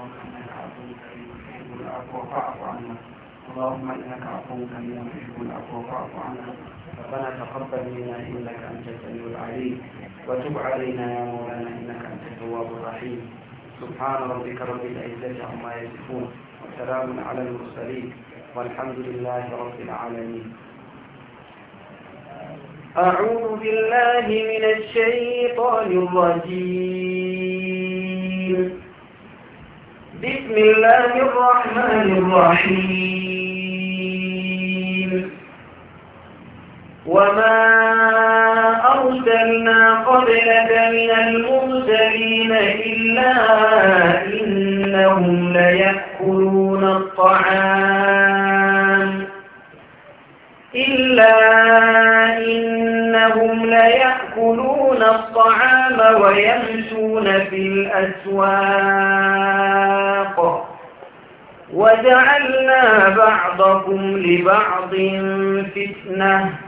اللهم إنك عفو كريم تحب العفو فاعف عنا اللهم إنك العفو فاعف عنا ربنا تقبل منا إنك أنت السميع العليم وتب علينا يا مولانا إنك أنت التواب الرحيم سبحان ربك رب العزة عما يصفون وسلام على المرسلين والحمد لله رب العالمين أعوذ بالله من الشيطان الرجيم بسم الله الرحمن الرحيم وما أرسلنا قبلك من المرسلين إلا إنهم ليأكلون الطعام إلا إنهم ليأكلون الطعام ويمشون في الأسواق وجعلنا بعضكم لبعض فتنة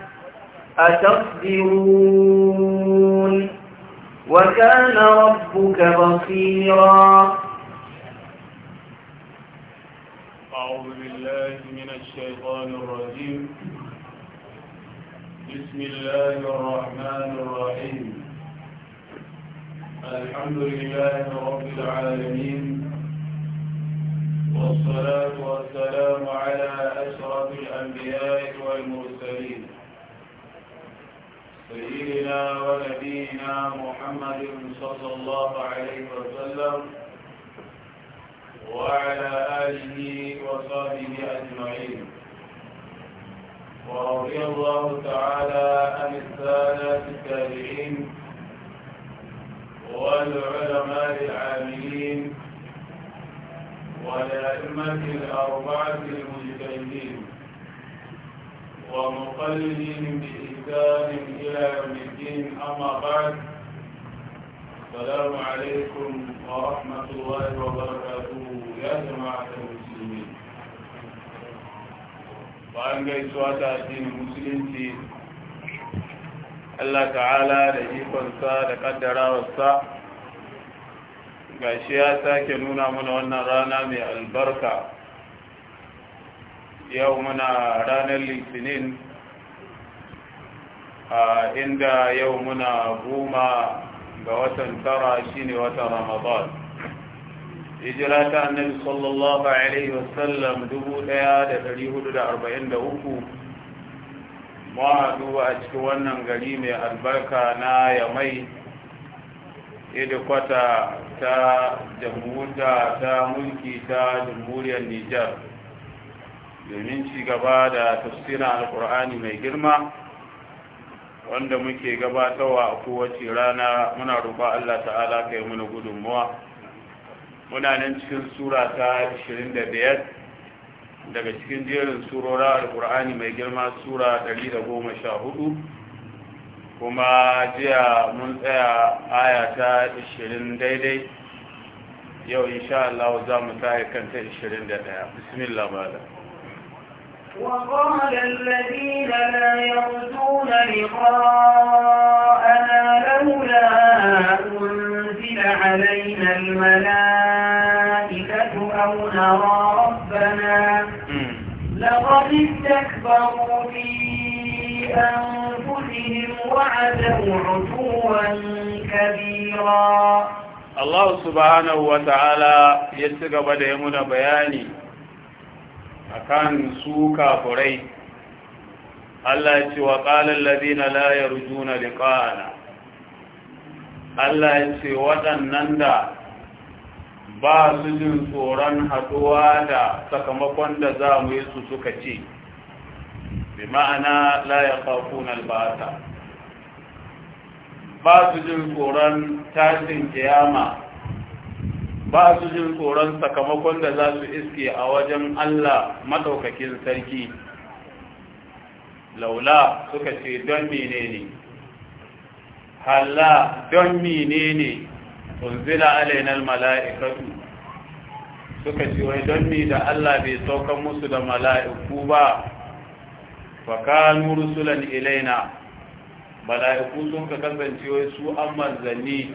أتصبرون وكان ربك بصيرا أعوذ بالله من الشيطان الرجيم بسم الله الرحمن الرحيم الحمد لله رب العالمين والصلاة والسلام على أشرف الأنبياء والمرسلين سيدنا ونبينا محمد صلى الله عليه وسلم وعلى آله وصحبه أجمعين ورضي الله تعالى عن السادة التابعين والعلماء العاملين والأئمة الأربعة المجتهدين ومقلدين بإحسان إلى يوم الدين أما بعد السلام عليكم ورحمة الله وبركاته يا جماعة المسلمين وأن gaisuwa ta المسلمين musulunci Allah ta'ala da ikonsa da gashi ya sake nuna mana wannan rana mai albarka yau muna ranar litinin a inda yau muna goma ga watan tara shine watan ramadan hijira ta annabi sallallahu alaihi wasallam 1443 mahadu a cikin wannan gari mai albarka na yamai kwata. ta jamhuriya ta mulki ta jamhuriyar Nijar domin ci gaba da tafsirin alkur'ani mai girma wanda muke gabatarwa a kowace rana muna roƙon Allah ta'ala ka yi mana gudunmuwa muna nan cikin sura ta 25 daga cikin jerin surora alkur'ani mai girma sura 114 kuma jiya mun tsaya aya ta 20 daidai yau insha Allah za mu الشرين kan ta 21 bismillah bala وقال الذين لا يرجون لقاءنا لولا أنزل علينا الملائكة أو نرى ربنا لقد استكبروا في أنفسهم Allah subhanahu wa ta'ala ya ci gaba da ya na bayani akan su kafurai Allah ya ce wa ƙalar lazina layar juna liƙa'ana Allah ya ce waɗannan da ba su jin tsoron haɗuwa da sakamakon da za mu yi su suka ce bi ma'ana la ya kafuna albata ba su jin tsoron tashin kiyama ba su jin tsoron sakamakon da za su iske a wajen Allah maɗaukakin sarki laula suka ce don ne. halla don menene tunzila alainar mala'ikatu suka ce wai don ni da Allah bai saukan musu da mala'iku ba fakanu rusulan ilaina mala'iku sun ka kasance wai su an manzanni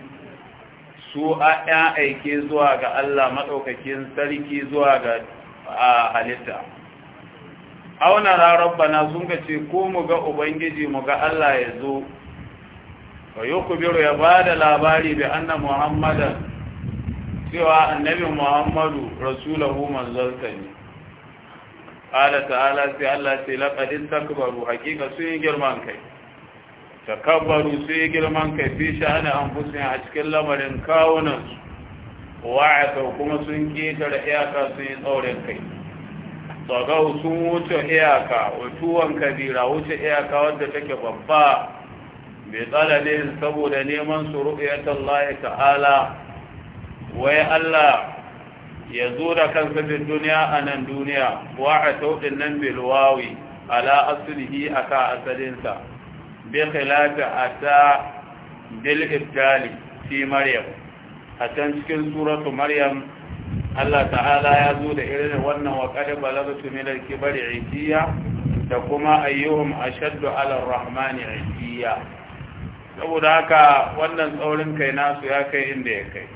su a aike zuwa ga Allah maɗaukakin sarki zuwa ga halitta auna rabbana sun ka ce ko mu ga ubangiji mu ga Allah ya zo fa yukbiru ya bada labari bi anna muhammadan cewa annabi muhammadu rasulahu manzon ala ta'ala sai Allah ce laqadin takbaru hakika sun yi girman kai takabbaru sun yi girman kai fi sha'ani anfusin a cikin lamarin kawunan su wa'ata kuma sun ketare iyaka sun yi tsaurin kai tsagau sun wuce iyaka wutuwan kabira wuce iyaka wadda take babba bai tsala ne saboda neman su ru'yatar Allah ta'ala wai Allah ya da kansa fi duniya a nan duniya wa a sauɗin nan bilwawi ala asulihi a ka asalinsa bi khilafi a ta Bil iftali fi maryam a can cikin suratu maryam Allah ta'ala ya zo da irin wannan wa qad balagtu min al-kibri da kuma ayyuhum a shaddu alar rahmani itiya saboda haka wannan tsaurin kai nasu ya kai inda ya kai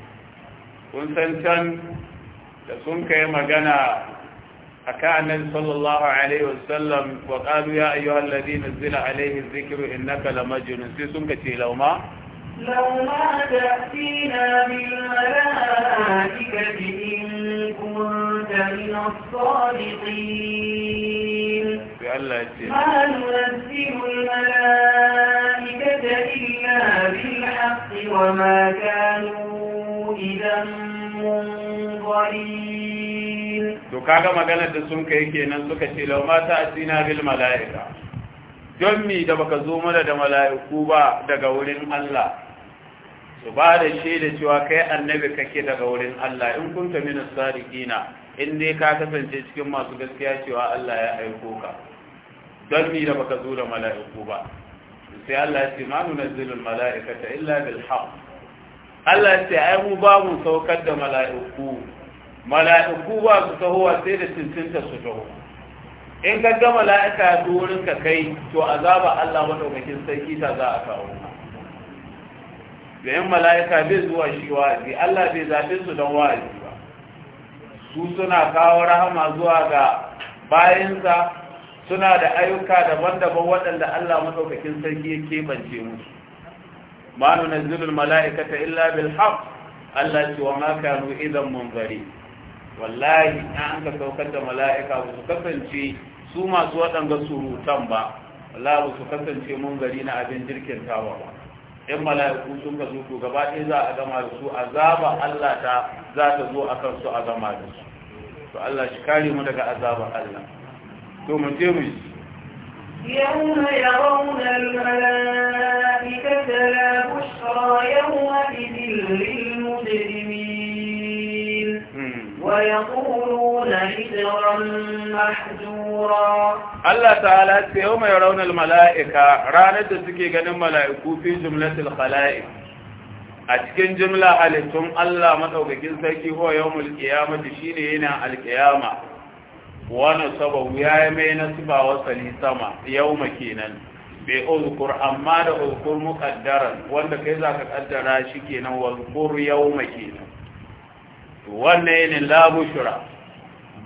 kun san can لسنك يمغنى حكى النبي صلى الله عليه وسلم وقالوا يا أيها الذين نزل عليه الذكر إنك لمجن سنك تي لو ما لو ما تأتينا بالملائكة إن كنت من الصادقين بألا يتي ما ننزل الملائكة إلا بالحق وما كانوا إذا منظرين to kaga maganar da sun kai kenan suka ce law ma asina bil malaika don mi da baka zo mana da malaiku ba daga wurin Allah su ba da shaida cewa kai annabi kake daga wurin Allah in kunta min sadiqina in dai ka kasance cikin masu gaskiya cewa Allah ya aiko ka don mi da baka zo da malaiku ba sai Allah ya ce ma nunzilul malaikata illa bil haqq Allah ce ai mu ba mu saukar da mala'iku mala'iku ba su taho wa sai da cincinta su taho in ka ga mala'ika ya wurin ka kai to azaba Allah madaukakin sarki ta za a kawo da mala'ika bai zuwa shi wa'azi Allah bai zafi su don wa'azi ba su suna kawo rahama zuwa ga bayansa suna da ayyuka daban-daban waɗanda Allah madaukakin sarki ya keɓance musu ma nunazzilu mala'ikata illa bil Allah ce wa ma kanu idan munzari wallahi in an ka saukar da mala'ika ba su kasance su masu waɗanga surutan ba wallahi ba su kasance munzari na abin jirkin tawa ba in mala'iku sun ka zuku gaba ɗaya za a gama da su azaba Allah ta za ta zo a kansu a gama da su to Allah shi kare mu daga azabar Allah to mu je mu يوم يرون الملائكة لا بشرى يومئذ للمجرمين ويقولون حجرا محجورا الله تعالى يوم يرون الملائكة رانت تسكي غنم ملائكو في جملة الخلائق a cikin jumla halittun Allah madaukakin sarki huwa yawmul qiyamati shine yana alqiyama wani sababu ya yi mai nasiba wasali sama yau kenan bai ozukur amma da ozukur mukaddaran, wanda kai za ka kaddara shi kenan wazukur yau kenan wannan yin labu shura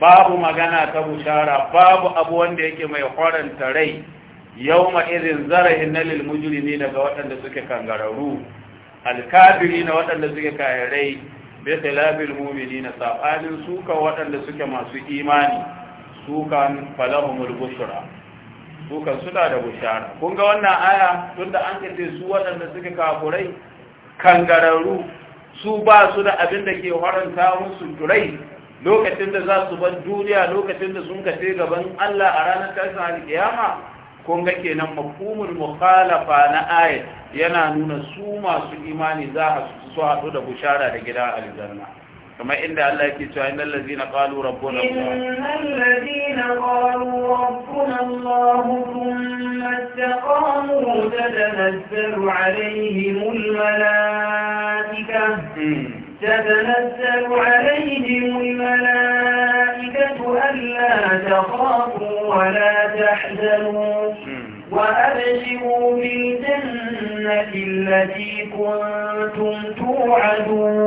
babu magana ta bushara babu abu wanda yake mai horanta rai yau irin zarahin na ne daga waɗanda suke kangararru alkabiri na waɗanda suke kayarai bai talabin mumini na saɓanin suka waɗanda suke masu imani sukan falahumul bushra sukan suna da bushara kun ga wannan aya tunda an kace su waɗanda suka kafurai Kangararu su ba su da abin da ke haranta musu durai lokacin da za su bar duniya lokacin da sun kace gaban Allah a ranar karshen alkiyama kun ga kenan mafhumul mukhalafa na ayat yana nuna su masu imani za su haɗu da bushara da gida aljanna كما إن الله كتوا إن الذين قالوا ربنا الله إن الذين قالوا ربنا الله ثم استقاموا تتنزل عليهم الملائكة تتنزل عليهم الملائكة ألا تخافوا ولا تحزنوا وأبشروا بالجنة التي كنتم توعدون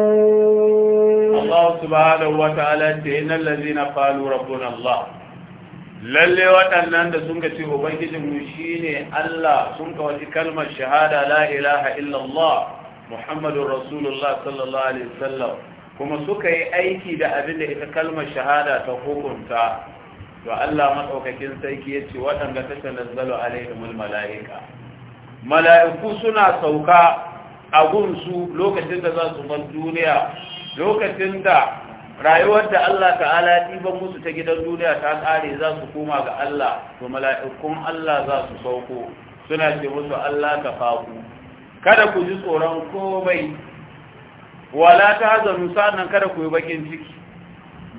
الله سبحانه وتعالى إن الذين قالوا ربنا الله lalle waɗannan da sun ka ce ubangijinmu shi ne Allah sun ka wata kalmar shahada la ilaha illallah muhammadun rasulullah sallallahu alaihi wasallam kuma suka yi aiki da abin da ita kalmar shahada ta hukunta to Allah madaukakin sarki yace waɗanda ta tanazzalu alaihimul malaika mala'iku suna sauka a gunsu lokacin da za su bar duniya lokacin da rayuwar da Allah ta'ala ya ɗiban musu ta gidan duniya ta kare za su koma ga Allah to mala'ikun Allah za su sauko suna ce musu Allah ka faku kada ku ji tsoron komai wala ta zanu sa'annan kada ku yi bakin ciki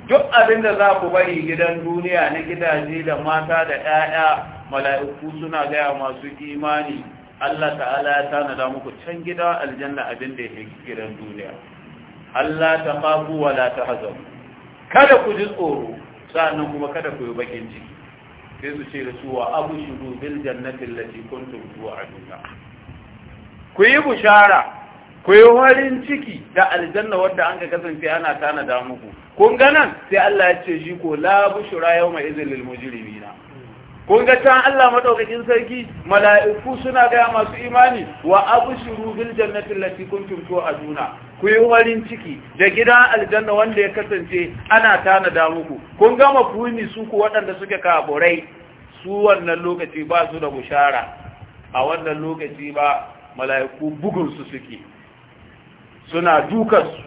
duk abin da za ku bari gidan duniya na gidaje da mata da 'ya'ya mala'iku suna gaya masu imani Allah ta'ala ya da muku can gida aljanna abin da yake gidan duniya Allah ta kafu wa la ta hazam kada ku ji tsoro sa'annan kuma kada ku yi bakin ciki sai su ce da su wa abu shudu bil jannati allati kuntum tu'aduna ku yi bushara ku yi warin ciki da aljanna wadda an ka kasance ana tana tanada muku kun ga nan sai Allah ya ce shi ko la bushra yawma idhil lil na? kun ga can Allah maɗaukakin sarki mala'iku suna gaya masu imani wa shuru bil kun allati a tu'aduna ku yi warin ciki da gidan aljanna wanda ya kasance ana tana tanada muku kun ga mafuni su ku waɗanda suke kaburai su wannan lokaci ba su da bushara a wannan lokaci ba mala'iku bugun su suke suna dukansu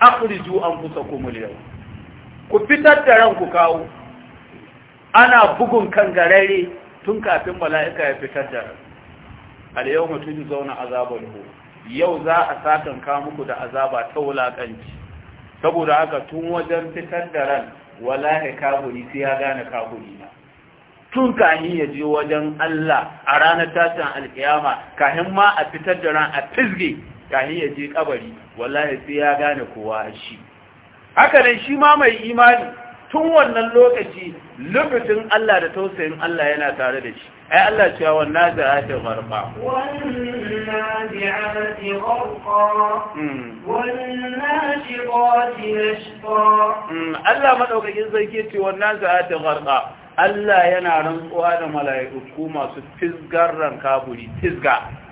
akhriju kusa al-yawm ku fitar da ranku kawo ana bugun kan garare tun kafin mala'ika ya fitar da al-yawma tujzauna azabul hu yau za a sakan ka da azaba ta wulakanci saboda haka tun wajen fitar da ran wallahi kafiri sai ya gane kafiri na tun kahin ya je wajen Allah a ranar tashin alkiyama kahin ma a fitar da ran a fizge kahi ya je kabari wallahi sai ya gane kowa shi haka nan shi ma mai imani tun wannan lokaci lubutun Allah da tausayin Allah yana tare da shi ai Allah cewa wannan da gharqa wannan za'ati gharqa hmm. wannan shiqati nashqa hmm. Allah madaukakin sarki ce wannan za'ati gharqa Allah yana rantsuwa da mala'iku masu ran kaburi fisga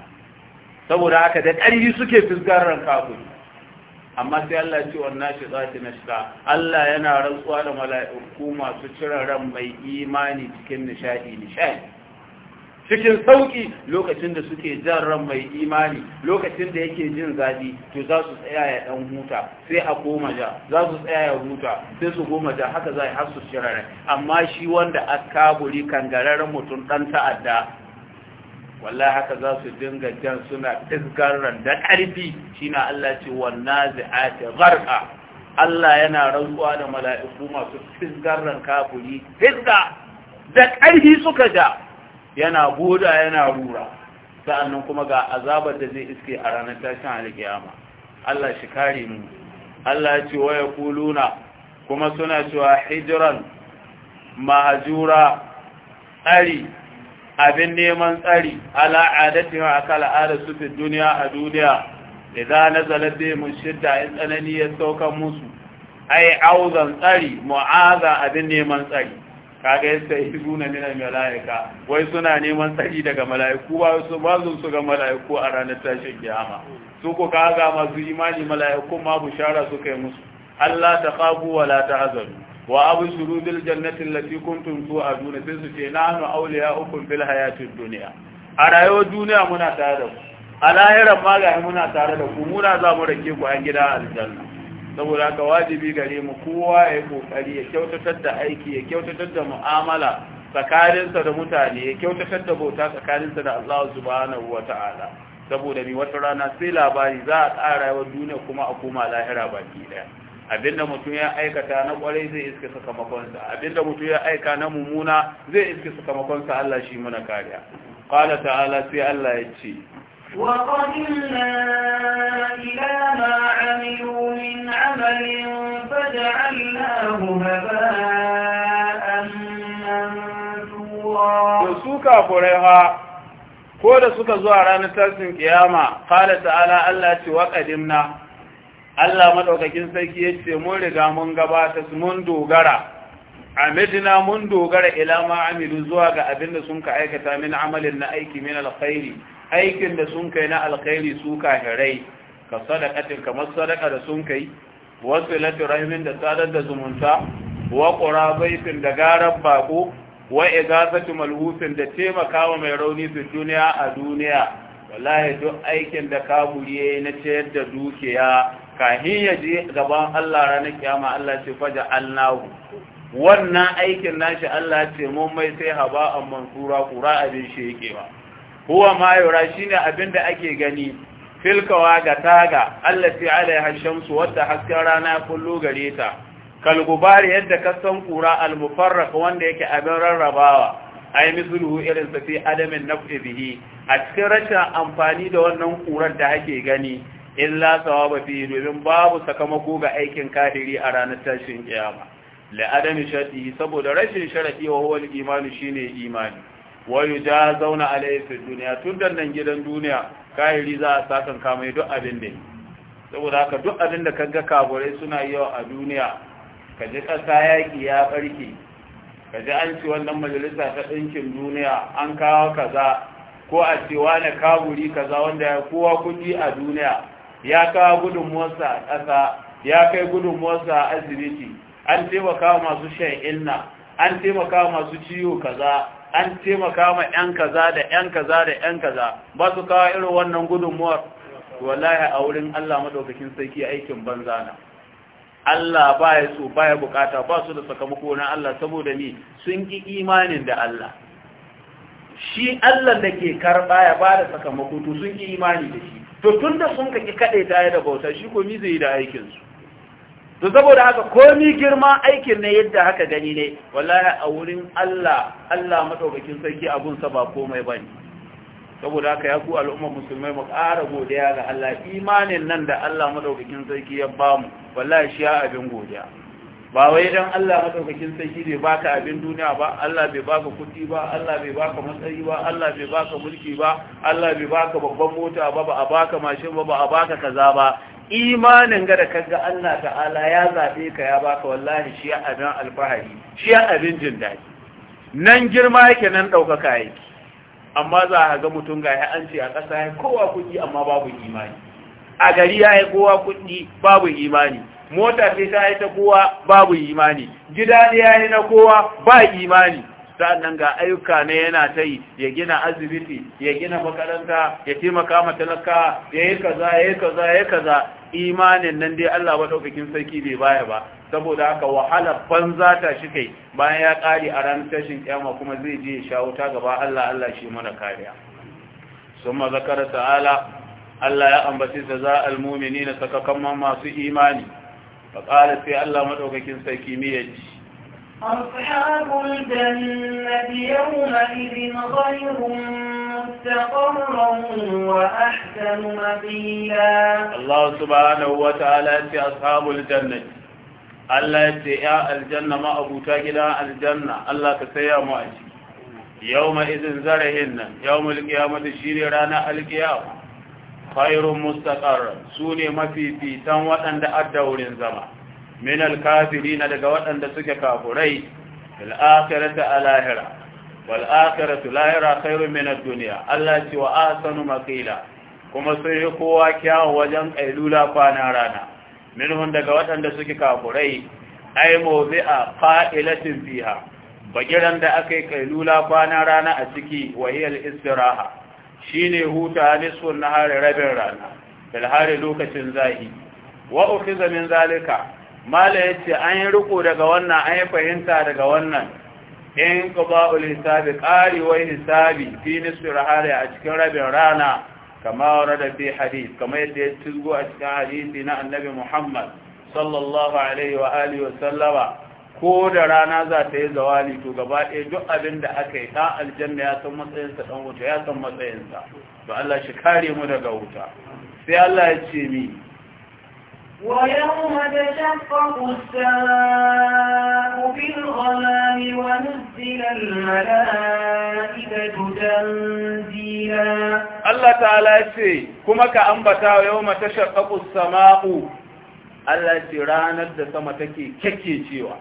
saboda haka da ƙarfi suke fisgarar kafiri amma sai Allah ce wannan shi za ta nashka Allah yana rantsuwa da mala'iku masu cire ran mai imani cikin nishadi nishadi cikin sauki lokacin da suke jan ran mai imani lokacin da yake jin zafi to za su tsaya ya dan huta sai a koma ja za su tsaya ya huta sai su goma ja haka za a har su shirare amma shi wanda akaburi kangararren mutum dan ta'adda wallahi haka za su dinga jan suna isgaran da ƙarfi shine Allah ce wannan za'ati gharqa Allah yana rantsuwa da mala'iku masu isgaran kafuri isga da ƙarfi suka ja yana goda yana rura sa'annan kuma ga azabar da zai iske a ranar tashin alkiyama Allah shi kare mu Allah ya ce waya kuluna kuma suna cewa hijiran mahajura tsari abin neman tsari ala adati wa akal ala su fi duniya a duniya idan nazala bi mun shidda in tsanani ya sauka musu ai auzan tsari mu'aza abin neman tsari kaga yasta izuna min malaika wai suna neman tsari daga malaiku ba su ba su ga malaiku a ranar tashin kiyama su ko kaga masu imani malaikun ma bushara suka yi musu Allah ta khafu wa la ta'zanu wa shuru bil jannati lati kuntum tu'aduna sai su ce nanu ukun fil hayatin dunya a rayuwar duniya muna tare da ku a lahiran ma muna tare da ku muna za mu rake ku an gida aljanna saboda haka wajibi gare mu kowa ya kokari ya kyautatar da aiki ya kyautatar da mu'amala tsakaninsa da mutane ya kyautatar da bauta tsakaninsa da Allah subhanahu wata'ala saboda ni wata rana sai labari za a tsara rayuwar duniya kuma a koma lahira baki daya abinda mutum ya aikata na kwarai zai iske sakamakonsa abinda mutum ya aika na mumuna zai iske sakamakonsa Allah shi muna kariya qala ta'ala sai Allah ya ce wa qadimna ila ma amilu min amalin faj'alnahu haba'an mansura su kafurai ha ko da suka zuwa ranar tashin kiyama qala ta'ala Allah ya ce wa qadimna Allah maɗaukakin sarki ya ce mun riga mun gabata mun dogara amidna mun dogara ila ma amilu zuwa ga abin da sun ka aikata min amalin na aiki min alkhairi aikin da sun kai na alkhairi su kahirai ka sadaqatin kamar sadaqa da sun kai wasilatu rahimin da sadar da zumunta wa qurabaitin da garan bako wa igazatu malhufin da taimakawa mai rauni su duniya a duniya wallahi duk aikin da kaburi yayi na ciyar da dukiya kahin ya je gaban Allah ranar kiyama Allah ce faja allahu wannan aikin nashi Allah ce mun mai sai haba an mansura kura abin shi yake ba huwa ma yura shine abin da ake gani filkawa ga taga Allah ce alaiha shamsu wata hasken rana kullu gare ta kalgubar yadda kasan kura mufarraq wanda yake abin rarrabawa ay misluhu irin sa fi adamin naf'i bihi a cikin rashin amfani da wannan kurar da ake gani illa sawaba fi domin babu sakamako ga aikin kafiri a ranar tashin kiyama la adami shati saboda rashin sharafi wa huwa al shine imani zauna a laifin duniya tun da nan gidan duniya kafiri za a sakan kamai duk abin da saboda haka duk abin da kaga kaburai suna yawa a duniya kaji kasa yaki ya barke kaji an ci wannan majalisa ta dinkin duniya an kawo kaza ko a ce wani kaburi kaza wanda ya kowa kuɗi a duniya ya kawo gudunmuwarsa a ƙasa ya kai gudunmuwarsa a asibiti an taimaka masu shan inna an taimaka masu ciwo kaza an taimaka ma 'yan kaza da 'yan kaza da 'yan kaza ba su kawo irin wannan gudunmuwar wallahi a wurin Allah madaukakin sarki aikin banza na Allah ba ya so ba ya bukata ba su da sakamako na Allah saboda ni sun ki imanin da Allah shi Allah da ke karɓa ya ba da sakamako to sun ki imani da shi to tun da sun kaki kaɗai ta yi da bauta shi komi zai yi da aikinsu to saboda haka komi girma aikin ne yadda haka gani ne wallahi a wurin Allah Allah madaukakin sarki abunsa ba komai ba ne saboda haka ya ku al'ummar musulmai mu ƙara godiya ga Allah imanin nan da Allah madaukakin sarki ya bamu wallahi shi ya abin godiya ba wai dan Allah madaukakin sarki bai baka abin duniya ba Allah bai baka kuɗi ba Allah bai baka matsayi ba Allah bai baka mulki ba Allah bai baka babban mota ba ba a baka mashin ba ba a baka kaza ba imanin ga da kaga Allah ta'ala ya zabe ka ya baka wallahi shi abin alfahari shi abin jin daɗi nan girma yake nan ɗaukaka yake amma za a ga mutum ga an ce a ƙasa ya kowa kuɗi amma babu imani a gari ya kowa kuɗi babu imani mota sai ta yi ta kowa babu imani gida ne ya yi na kowa ba imani sa'annan ga ayyuka ne yana ta yi ya gina asibiti ya gina makaranta ya taimaka ma talaka ya yi kaza ya yi kaza ya yi kaza imanin nan dai Allah madaukakin sarki bai baya ba saboda haka wahala banza ta shi kai bayan ya kare a ranar tashin kiyama kuma zai je ya sha wuta gaba Allah Allah shi mana kariya summa zakara ta'ala Allah ya ambaci da za al-mu'minina sakakan masu imani faƙalar sai Allah maɗaukakin sarki miyaci أصحاب الجنة يومئذ غير مستقرا وأحسن مقيلا الله سبحانه وتعالى في أصحاب الجنة Allah ya ce ya aljanna ma abuta gida aljanna Allah ka saya mu a ciki yau ma izin zarahin nan yau mulki ya mata shi ne ranar alkiyama khairun mustaqar sune mafifitan waɗanda adda wurin zama min alkafirin daga waɗanda suke kafurai fil akhirati alahira wal akhiratu lahira khairun min ad-dunya Allah ce wa asanu maqila kuma sun kowa kyawu wajen kailula kwana rana Minhun daga waɗanda suke kafurai ay mawdi'a qa'ilatin fiha bagiran da akai kailula kwana rana a ciki wa hiya al-istiraha shine huta nisfun nahari rabin rana da hari lokacin zahi wa ukhiza min zalika mala ce an yi riko daga wannan an yi fahimta daga wannan in qada'ul hisabi qarewar hisabi fi nisfi hari a cikin rabin rana kama warada fi hadith kama yadda ya tuzgo a cikin hadisi na annabi Muhammad sallallahu alaihi wa alihi wa sallama ko da rana za ta yi zawali to gaba ɗaya duk abin da aka yi ɗan aljanna ya san matsayinsa ɗan wuta ya san matsayinsa to Allah shi kare mu daga wuta sai Allah ya ce mi ويوم تشقق السماء بالغمام ونزل الملائكة تنزيلا الله تعالى يقول كما كأنبتا يوم تشقق السماء Allah ce ranar da sama take cewa.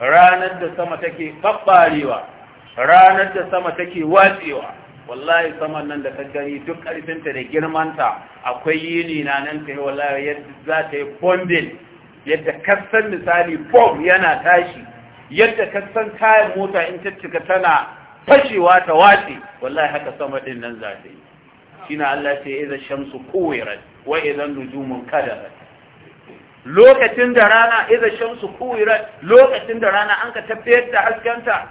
ranar da sama take babbarewa ranar da sama take watsewa wallahi saman nan da ta gani duk ƙarfinta da girmanta akwai yini na nan ta yi wallahi yadda za ta yi bombin yadda kasan misali bomb yana tashi yadda kasan kayan mota in ta cika tana fashewa ta watse wallahi haka sama din nan za ta yi na Allah ce idan shamsu kuwirat wa idan nujumun kadarat lokacin da rana idan shamsu kuwira lokacin da rana an ka tafiyar da haskanta,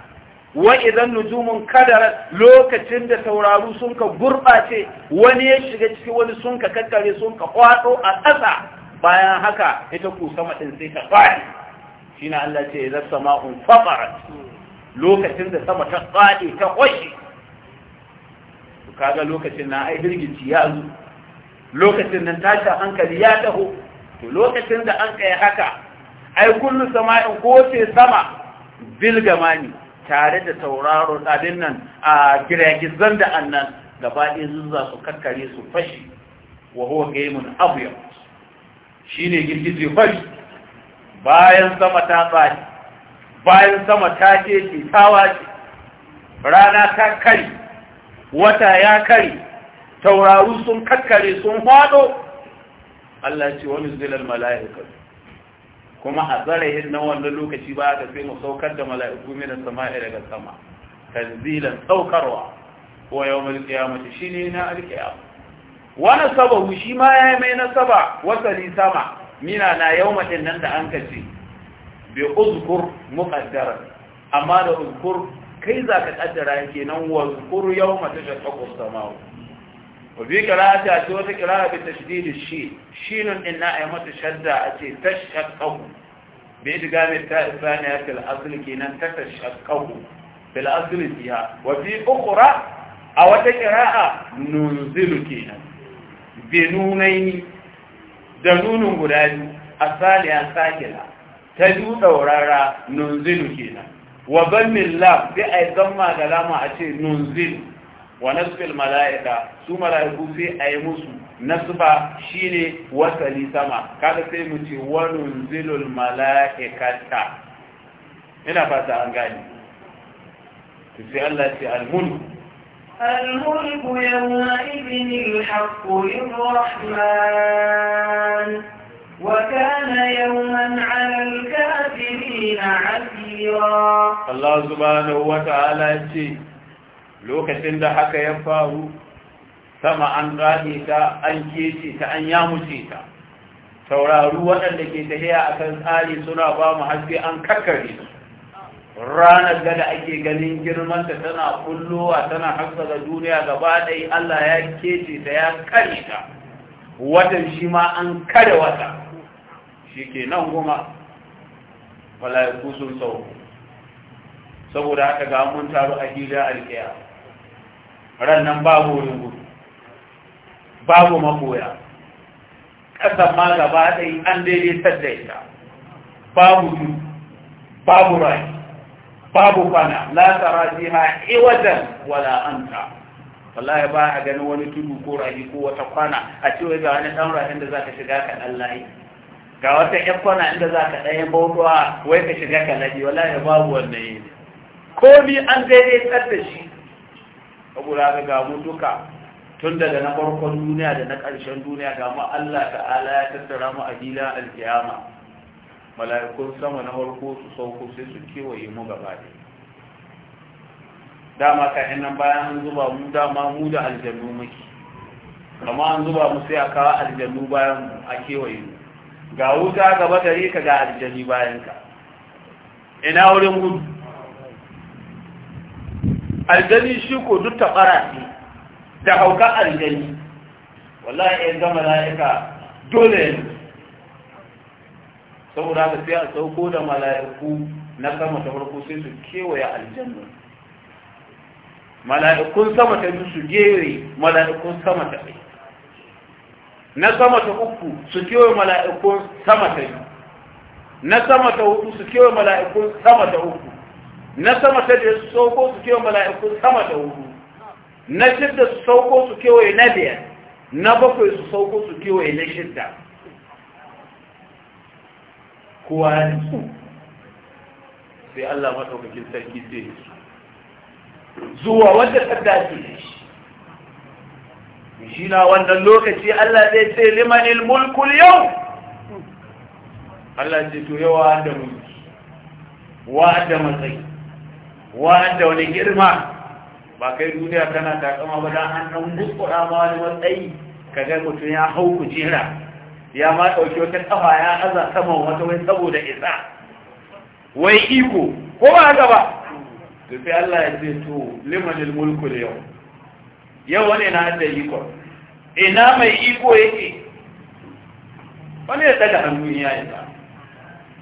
wa idan nujumun kadarat lokacin da tauraru sun ka gurɓace wani ya shiga ciki wani sun ka kakkare sun ka kwaɗo a ƙasa bayan haka ita ku sama ɗin sai ta faɗi shi na Allah ce idan sama'un faqarat lokacin da sama ta fadi ta kwashi kaga lokacin na ai birgici ya zo lokacin nan tashi hankali ya taho to lokacin da an kai haka ai kullu sama'in ko ce sama bilgamani tare da tauraro abin nan a zan da annan gaba ɗaya za su kakkare su fashi wa huwa gaimun abuya shi ne girgije fashi bayan sama ta tsari bayan sama ta keke ta wace rana ta kari wata ya kari Taurari sun kakkare sun hwado Allah ce wani zilar mala'ika kuma a tsare hirna wannan lokaci ba ta sai mu saukar da mala'iku da sama'i daga sama tanzilan saukarwa wa yau mai kiyamata shi ne na alkiyama wani sabahu shi ma ya yi mai nasaba wasali sama mina na yau matin nan da an ce. bi uzkur muƙaddara. amma da uzkur kai za ka kaddara kenan wa uzkur yau mata shaqqaqus samawu وفي قراءة أتوت قراءة بتشديد الشين شين إن أئمة شدة أتي تشققه بإدغام التاء الثانية في الأصل كينا تتشققه في الأصل فيها وفي أخرى أو قراءة ننزل كينا بنونين دنون قرآن الثانية ساكنة تجو دورارا ننزل كينا وبل من الله بأي ضمة لما أتي ننزل wa nasfil mala'ika su mala'iku sai a yi musu shi ne wasali sama kada sai mu ce wa nunzilul mala'ikata ina fata an gani fi Allah ce al-mulk الملك يومئذ الحق للرحمن وكان يوما على الكافرين عسيرا الله سبحانه وتعالى يقول lokacin da haka ya faru sama an rage ta an kece ta an yamuce ta sauraru waɗanda ke tafiya a kan tsari suna ba mu haske an kakkare su ranar da ake ganin girmanta tana kullowa tana haskaka duniya gaba ɗai Allah ya kece ta ya kare ta watan shi ma an kare wata shi ke nan kuma mala'iku sun sauko saboda haka ga mun taru a gida alkiyama rannan babu wani gudu babu maboya ƙasar ma gaba ɗai an daidai sadda ita babu ju babu rai babu kwana la tara fiha iwajan wala anta wallahi ba a ganin wani tudu ko rahi ko wata kwana a cewa ga wani dan rahin da zaka shiga ka dan layi ga wata ƴan kwana inda zaka ɗaya bautuwa wai ka shiga ka layi wallahi babu wannan yi ko ni an daidai tsar da shi saboda haka ga mu duka tun daga na farkon duniya da na ƙarshen duniya ga mu Allah ta'ala ya tattara mu a filan alkiyama mala'ikun sama na farko su sauko sai su kewaye mu gaba da dama ka nan bayan an zuba mu dama mu da aljannu muke kama an zuba mu sai a kawo aljannu bayan a kewaye mu ga wuta gaba gare ka ga aljanni bayan ka ina wurin gudu algani shi ko duk tabara ne da hauka algani wallahi ya zama la'ika dole ne saboda ka sai a sauko da mala'iku na sama ta farko sai su kewaye aljanna mala'ikun sama ta biyu su gere mala'ikun sama ta biyu. na sama ta uku su kewaye mala'ikun sama ta biyu na sama ta hudu su kewaye mala'ikun sama ta uku na sama ta da su sauko su kewa mala’iku sama da hudu na shidda su sauko su kewaye na biyar na bakwai su sauko su kewaye na shidda kuwa ya su sai Allah maɗaukakin sarki sai ya su zuwa wanda ta dace da shi shi na wannan lokaci Allah zai ce limanil mulkul yau Allah ce to yawa da mulki wa da matsayi wanda wani girma ba kai duniya tana takama ba dan hannun dan gutsura ma wani matsayi Ka kaga mutum ya hau kujera ya ma ɗauki wata kafa ya aza saman wata wai saboda isa wai iko ko ba haka ba to sai Allah ya ce to limanil mulku yau yau wani na da iko ina mai iko yake wani ya daga hannu ya yi sa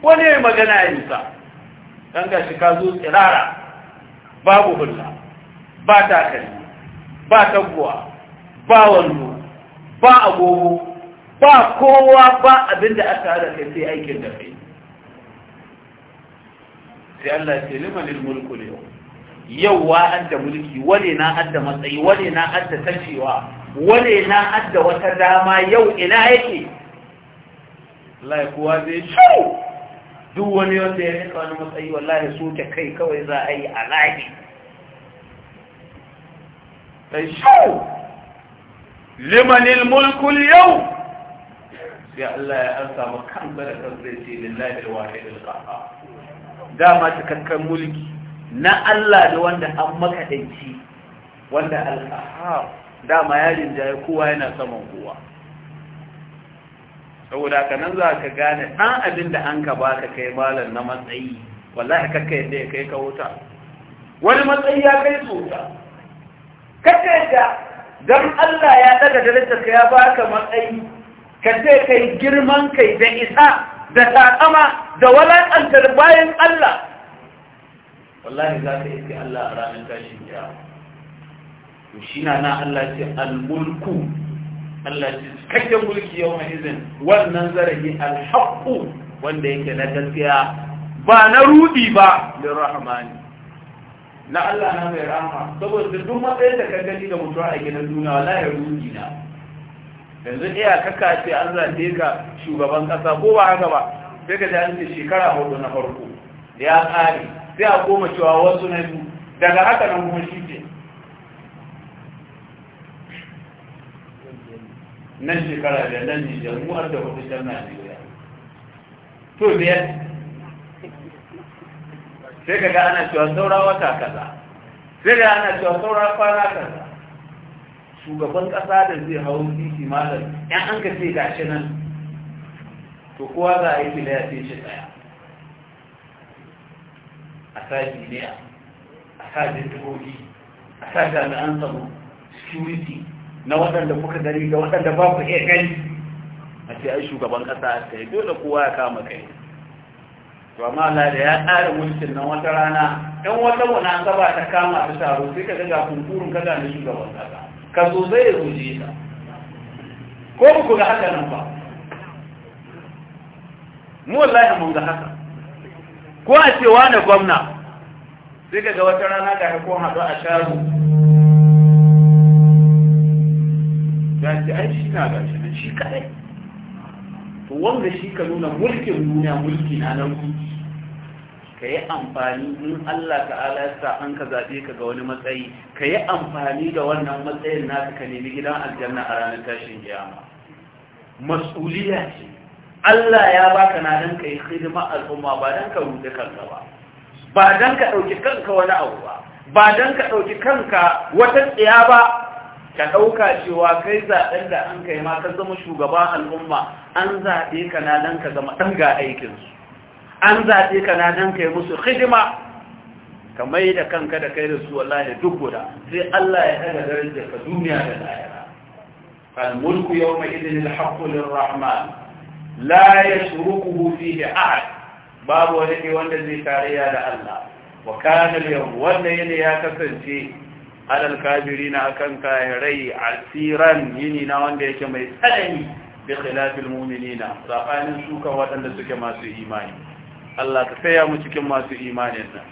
wani ya magana ya yi sa dan gashi ka zo tsirara babu hulla ba takalmi ba taguwa ba wando ba agogo ba kowa ba abinda aka hada kai sai aikin da kai sai Allah ce lil mulku yau yau wa adda mulki wale na adda matsayi wale na adda tashiwa wale na adda wata dama yau ina yake Allah ya kowa zai shiru duk wani wanda ya nika wani matsayi wallahi soke kai kawai za a yi a lafi sai shau limanin mulkul yau sai Allah ya an samu kan barakar zai ce lillahi da alqahar dama cikakken mulki na Allah da wanda an makadanci wanda alqahar dama ya rinjaye kowa yana saman kowa saboda ka nan za ka gane ɗan abin da an ka ba ka kai malar na matsayi wallahi kakka yadda ya kai ka wuta wani matsayi ya kai su wuta kakka yadda don Allah ya daga darajar ka ya ba ka matsayi ka ce ka yi girman kai da isa da taƙama da walaƙantar bayan Allah wallahi za ka iske Allah a ranar tashin kiyama to shi na na Allah ce al-mulku Allah ce cikakken mulki yau mai izin wannan zarafi alhaƙu wanda yake na gaskiya ba na rudi ba da rahamani na Allah na mai rahama saboda duk matsayin da ka gani da mutuwa a gidan duniya wala ya rudi na yanzu iya kaka ce an zaɓe ka shugaban ƙasa ko ba haka ba sai ka ji an ce shekara hudu na farko ya ƙare sai a koma cewa wasu na biyu daga haka nan kuma shi ce nan shekara da nan da mu da wata can najeriya to biyar sai ka ga ana cewa saura wata kaza sai ga ana cewa saura kwana kaza shugaban kasa da zai hau titi malam yan an ka ce gashi nan to kowa za a yi fi laya sai shi tsaya a sa jiniya a sa jirgogi a sa jami'an tsaro security na waɗanda kuka gari da waɗanda ba ku iya gani a ce ai shugaban ƙasa a yi dole kowa ya kama kai to amma Allah da ya tsara mulkin nan wata rana dan wata wani an gaba ta kama ta taro sai ka ga kunkurun kaga na shugaban ƙasa ka zo zai roje ta ko ku ga haka nan ba mu wallahi mun ga haka ko a ce wani gwamna sai ka ga wata rana ga hakon haɗu a sharu gashi shi na gashi shi kare to wanda shi ka nuna mulkin duniya mulki na nan ka yi amfani in Allah ta'ala ya sa an ka zaɓe ka ga wani matsayi ka yi amfani da wannan matsayin naka ka nemi gidan aljanna a ranar tashin kiyama mas'uliya ce Allah ya baka na dan ka yi hidima al'umma ba dan ka rufe kanka ba ba dan ka ɗauki kanka wani abu ba ba dan ka ɗauki kanka wata tsiya ba ka ɗauka cewa kai zaɓen da an kai ma ka zama shugaban al'umma an zaɓe ka na ka zama ɗan ga aikinsu an zaɓe ka na dan kai musu hidima ka mai da kanka da kai da su wallahi duk guda sai Allah ya daga daraja ka duniya da lahira al-mulku yawma idhin al-haqqu lir-rahman la yashrukuhu fihi ahad babu wani wanda zai tarayya da Allah wa kana al wanda yana ya kasance alal kafirina akan a tsiran yini na wanda yake mai tsanani bi khilafil mu'minina tsakanin suka waɗanda suke masu imani Allah ka saya mu cikin masu imanin nan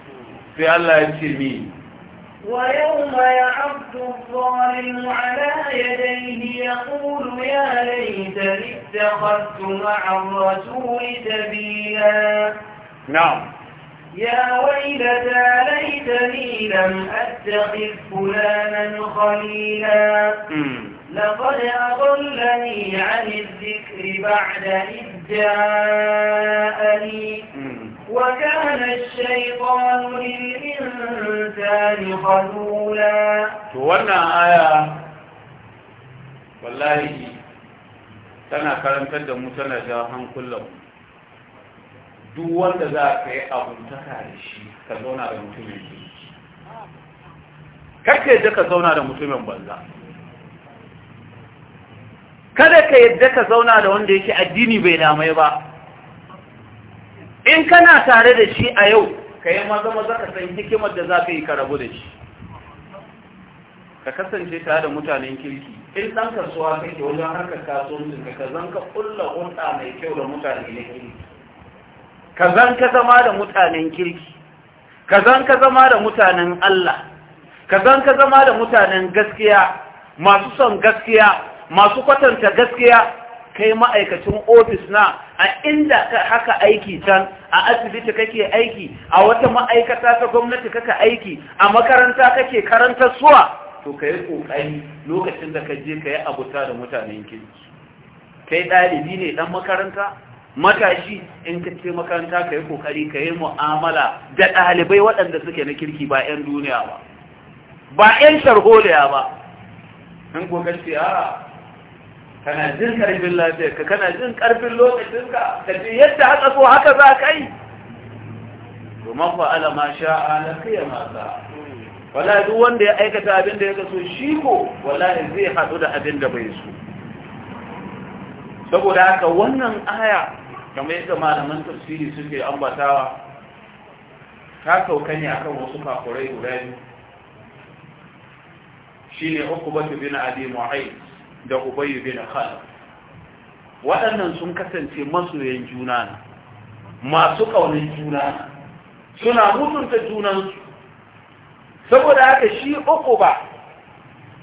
sai Allah ya ce mi ويوم يعض الظالم على يديه يقول يا ليتني اتخذت مع الرسول سبيلا Na'am. يا ويلتى ليتني لم أتخذ فلانا خليلا لقد أضلني عن الذكر بعد إذ جاءني وكان الشيطان للإنسان خذولا تولنا آية والله تنا كلام تدمو تنا كلهم duk wanda za ka yi abuntaka da shi ka zauna da mutumin kirki karka yadda ka zauna da mutumin banza kada ka yadda ka zauna da wanda yake addini bai damai ba in kana tare da shi a yau ka yi maza maza ka san hikimar da za ka yi ka rabu da shi ka kasance tare da mutanen kirki in ɗan kasuwa kake wajen harkar kasuwancin ka ka zanka ƙulla hulɗa mai kyau da mutane na kirki ka zan ka zama da mutanen kirki ka zan ka zama da mutanen Allah ka zan ka zama da mutanen gaskiya masu son gaskiya masu kwatanta gaskiya kai ma'aikacin ofis na a inda haka aiki can a asibiti kake aiki a wata ma'aikata ta gwamnati kaka aiki a makaranta kake karanta suwa to ka yi ƙoƙari lokacin da ka je ka yi abuta da mutanen kirki kai ɗalibi ne ɗan makaranta matashi in ka ce makaranta ka yi kokari ka yi mu'amala da ɗalibai waɗanda suke na kirki ba 'yan duniya ba ba 'yan sharholiya ba in ko ce a kana jin ƙarfin lafiyarka kana jin ƙarfin lokacinka ka ce yadda haka so haka za ka yi domin fa'ala ma sha'a na kiyar masa wala duk wanda ya aikata abin da ya kaso shi ko wallahi zai haɗu da abin da bai so saboda haka wannan aya kamar yadda malaman tafsiri suke ambatawa ta sauka ne akan wasu kakurai guda biyu Shi shine ukubatu bin adi mu'ai da ubayu bin khalaf waɗannan sun kasance masoyan juna na. masu ƙaunin juna na. suna mutunta junansu saboda haka shi uku ba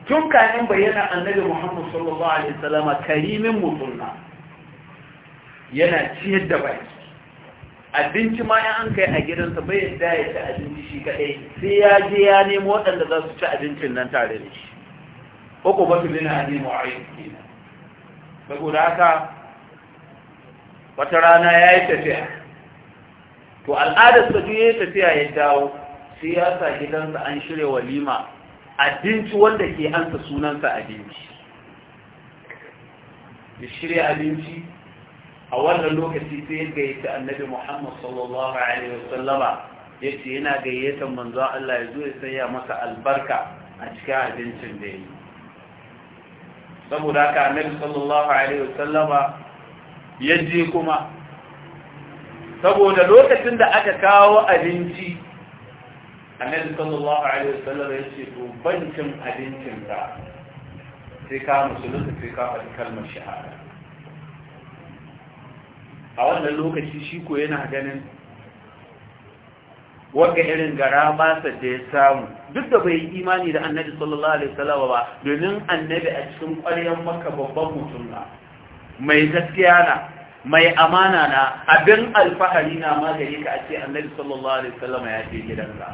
tun kayan bayyana annabi muhammad sallallahu alaihi wasallama karimin mutunna yana ciyar da bai abinci ma ya an kai a gidansa bai yadda ya ci abinci shi kaɗai sai ya je ya nemo waɗanda za su ci abincin nan tare da shi uku ba su lina a nemo a yi saboda haka wata rana ya yi tafiya to al'adar sa ya yi tafiya ya dawo sai ya sa gidansa an shirya walima abinci wanda ke ansa sunansa abinci ya shirya abinci a wannan lokaci sai gayyata annabi Muhammad sallallahu alaihi wasallama yace yana gayyatar manzo Allah ya zo ya saya masa albarka a cikin abincin da yi saboda haka annabi sallallahu alaihi wasallama ya je kuma saboda lokacin da aka kawo abinci annabi sallallahu alaihi wasallama ya ce to bancin abincin ka sai ka musulunta sai ka faɗi kalmar shahada a wannan lokaci shi ko yana ganin wanda irin gara basa da ya samu duk da bai imani da annabi sallallahu alaihi wasallam ba domin annabi a cikin ƙwaryar maka babban mutum na mai gaskiya na mai amana na abin alfahari na magari ka ce annabi sallallahu alaihi wasallam ya ce gidanka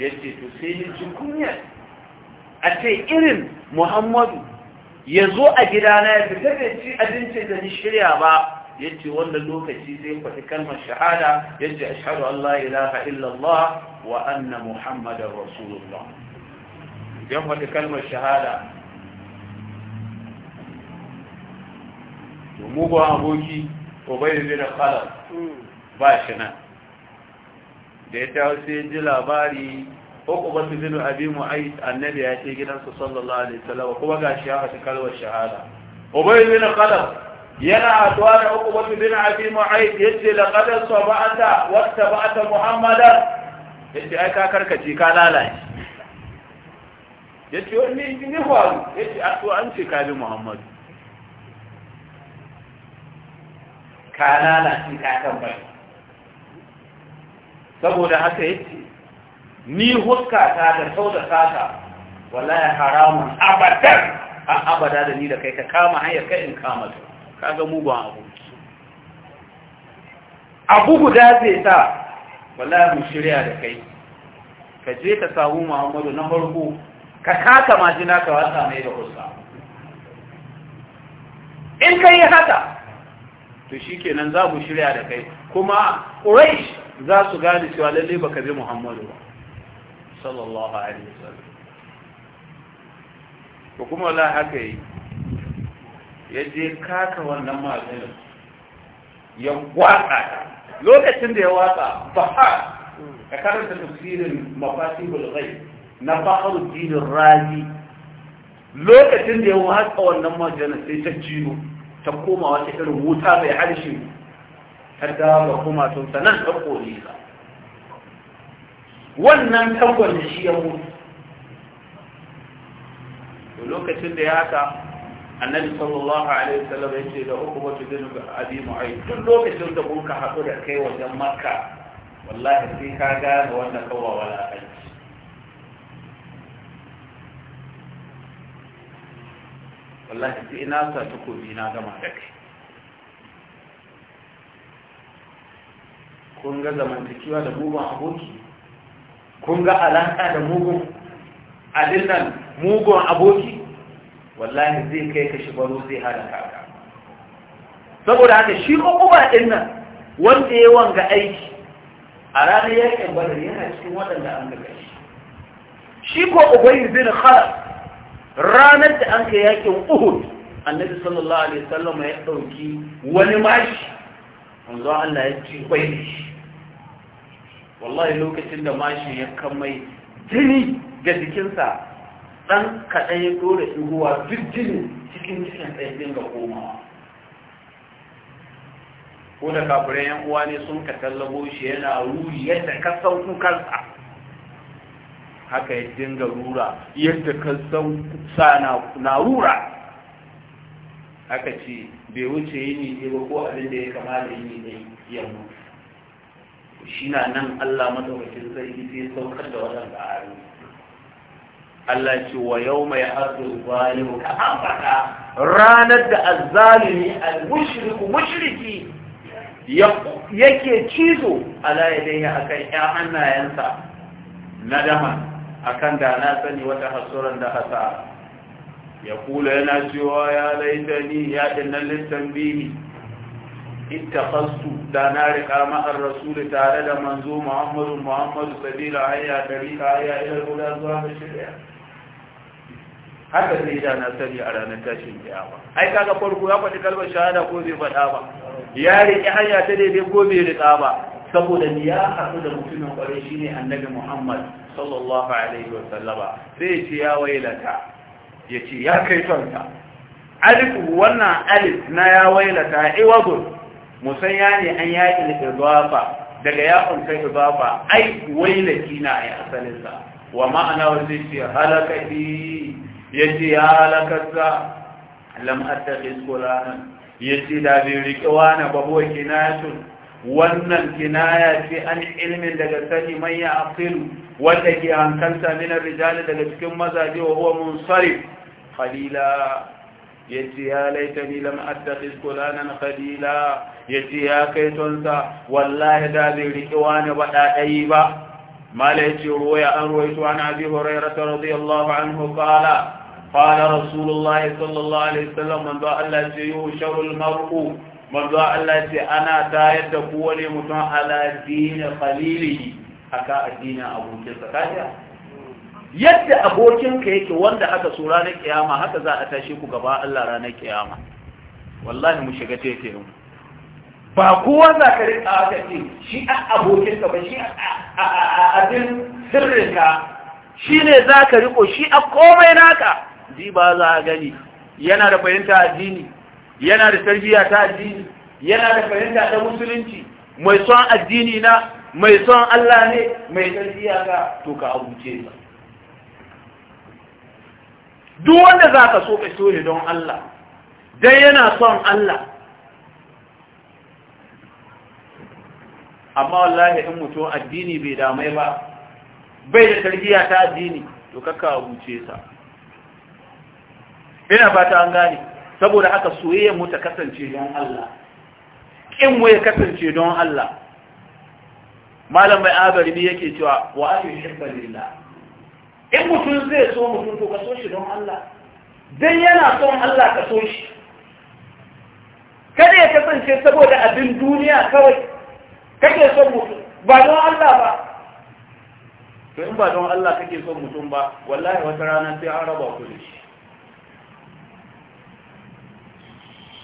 ya ce to sai ni ji kunya a ce irin muhammadu ya zo a gidana ya fita da ci abincin da ni shirya ba yace wannan lokaci zai faɗi kalmar shahada yace ashhadu an la ilaha Allah, wa anna muhammadar rasulullah idan faɗi kalmar shahada to mugun aboki ko bai da khalal ba shi nan da ya tawo sai ji labari uku ba su zinu abi mu'ayyid annabi ya ce gidansu sallallahu alaihi wasallam kuma shi ya faɗi kalmar shahada ko bai da khalal yana addu'a da uku bin abi mu'ayyid yace laqad sabata sabata muhammadan yace ai ka karkace ka lalace yace wani ni faru yace a ah, to an ce ka bi muhammadu ka lalace ka tambaye saboda haka yace ni ta da saudata ta wallahi haramun abadan a abada da ni da kai ka kama hanyar kai in kama ta kaga ba abu abu guda zai sa wallahi mu shirya da kai ka je ka samu muhammadu na farko ka kaka majina ka wasa mai da kusa in ka yi haka to shi kenan za mu shirya da kai kuma ƙuraish za su gane cewa lalle ba ka bi muhammadu ba sallallahu alaihi wasallam ko kuma wallahi haka yi ya je kaka wannan maganin ya watsa lokacin da ya watsa bahar a karanta tafsirin mafatihul ghaib na jinin razi lokacin da ya watsa wannan maganin sai ta jino ta koma wata irin wuta mai harshe ta dawo kuma tun sanan ta kore ka wannan tangon da shi ya mutu lokacin da ya haka annabi sallallahu alaihi wasallam yace da uku ta dinu ga abi mu'ayyid lokacin da kun ka hado da kai wajen makka wallahi sai ka ga wannan kawa wala kai wallahi sai ina sa takobi na gama da kai kun ga zamantakewa da mugun aboki kun ga alaka da mugun adinnan mugun aboki wallahi zai kai ka baro zai halaka ka saboda haka shi uquba din nan wanda ya wanga aiki a ranar yakin badar yana cikin waɗanda an ga shi shi ko ubayy bin khalaf ranar da an ka yakin uhud annabi sallallahu alaihi wasallam ya dauki wani mashi manzo Allah ya ci kwai wallahi lokacin da mashin ya kammai jini ga jikinsa dan kaɗai ya ɗora shigowa duk cikin cikin jikin ɗaya dinga komawa ko da kafirai yan uwa ne sun ka tallabo shi yana ruri yadda ka san kansa haka ya dinga rura yadda ka san sa na rura haka ce bai wuce yi ne ba ko abin da ya kamata yi ne ya mutu shi na nan Allah madaukakin sarki sai saukar da waɗanda a Allah ce wa yau mai haɗu zalimu ka ambata ranar da azzalimi al-mushriku mushriki yake cizo ala ya akan ƴan hannayensa nadama akan da na sani wata hasuran da hasa ya kula yana cewa ya laitani ya dinnan littan bihi ittaqastu da na riƙa ma'ar rasul tare da manzo muhammadu muhammadu sabila hayya tariqa hayya ila al-huda zuwa shari'a haka zai da na sani a ranar tashin kiyama ai kaga farko ya faɗi kalmar shahada ko bai faɗa ba ya riƙe hanya ta daidai ko bai riƙa ba saboda ya haɗu da mutumin ƙwarai shine annabi Muhammad sallallahu alaihi wa sallama sai ce ya wailata ya ce ya kai tonta alif wannan alif na ya wailata iwadun musanya ne an yaƙi Ibafa. daga yaƙon kai Ibafa ai wailaki na a asalinsa wa ma'ana wasu ce halakati ya ce ya lakasa lam attakhis qur'anan ya ce da bi riƙe wani babuwa kinayatun wannan kinaya ce an ilmin daga sani man ya aqilu wanda ke hankalta min rijali daga cikin mazaje wa huwa munsarif qalila yace ya laitani lam attakhiz fulanan qalila yace ya kai tonsa wallahi da bi riki wani ba dadai ba mala yace ruwaya an ruwaito an abi hurairah radiyallahu anhu qala قال رسول الله صلى الله عليه وسلم من ذا الله يشر المرء من ذا الله انا تاير da kowane mutum ala dini qalilihi aka addinin abokin sa yadda abokin ka yake wanda aka so na kiyama haka za a tashi ku gaba Allah ranar kiyama wallahi mu shiga tete mu ba kowa za ka rika haka ce shi a abokin ka ba shi a abin sirrinka shi ne za ka riko shi a komai naka ji ba za a gani yana da fahimta addini yana da tarbiya ta addini yana da fahimta ta musulunci mai son addini na mai son Allah ne mai tarbiya ka to ka abuce sa duk wanda za ka so ka so ne don Allah dan yana son Allah amma wallahi in mutum addini bai damai ba bai da tarbiya ta addini to kakka abuce sa ina fata an gane saboda haka soyayyar mu ta kasance don Allah kin mu ya kasance don Allah malam mai abarbi yake cewa wa ayu yuhibbu lillah in mutum zai so mutum to kaso shi don Allah dan yana son Allah kaso shi kada ya kasance saboda abin duniya kawai kake son mutum ba don Allah ba to in ba don Allah kake son mutum ba wallahi wata rana sai an raba ku da shi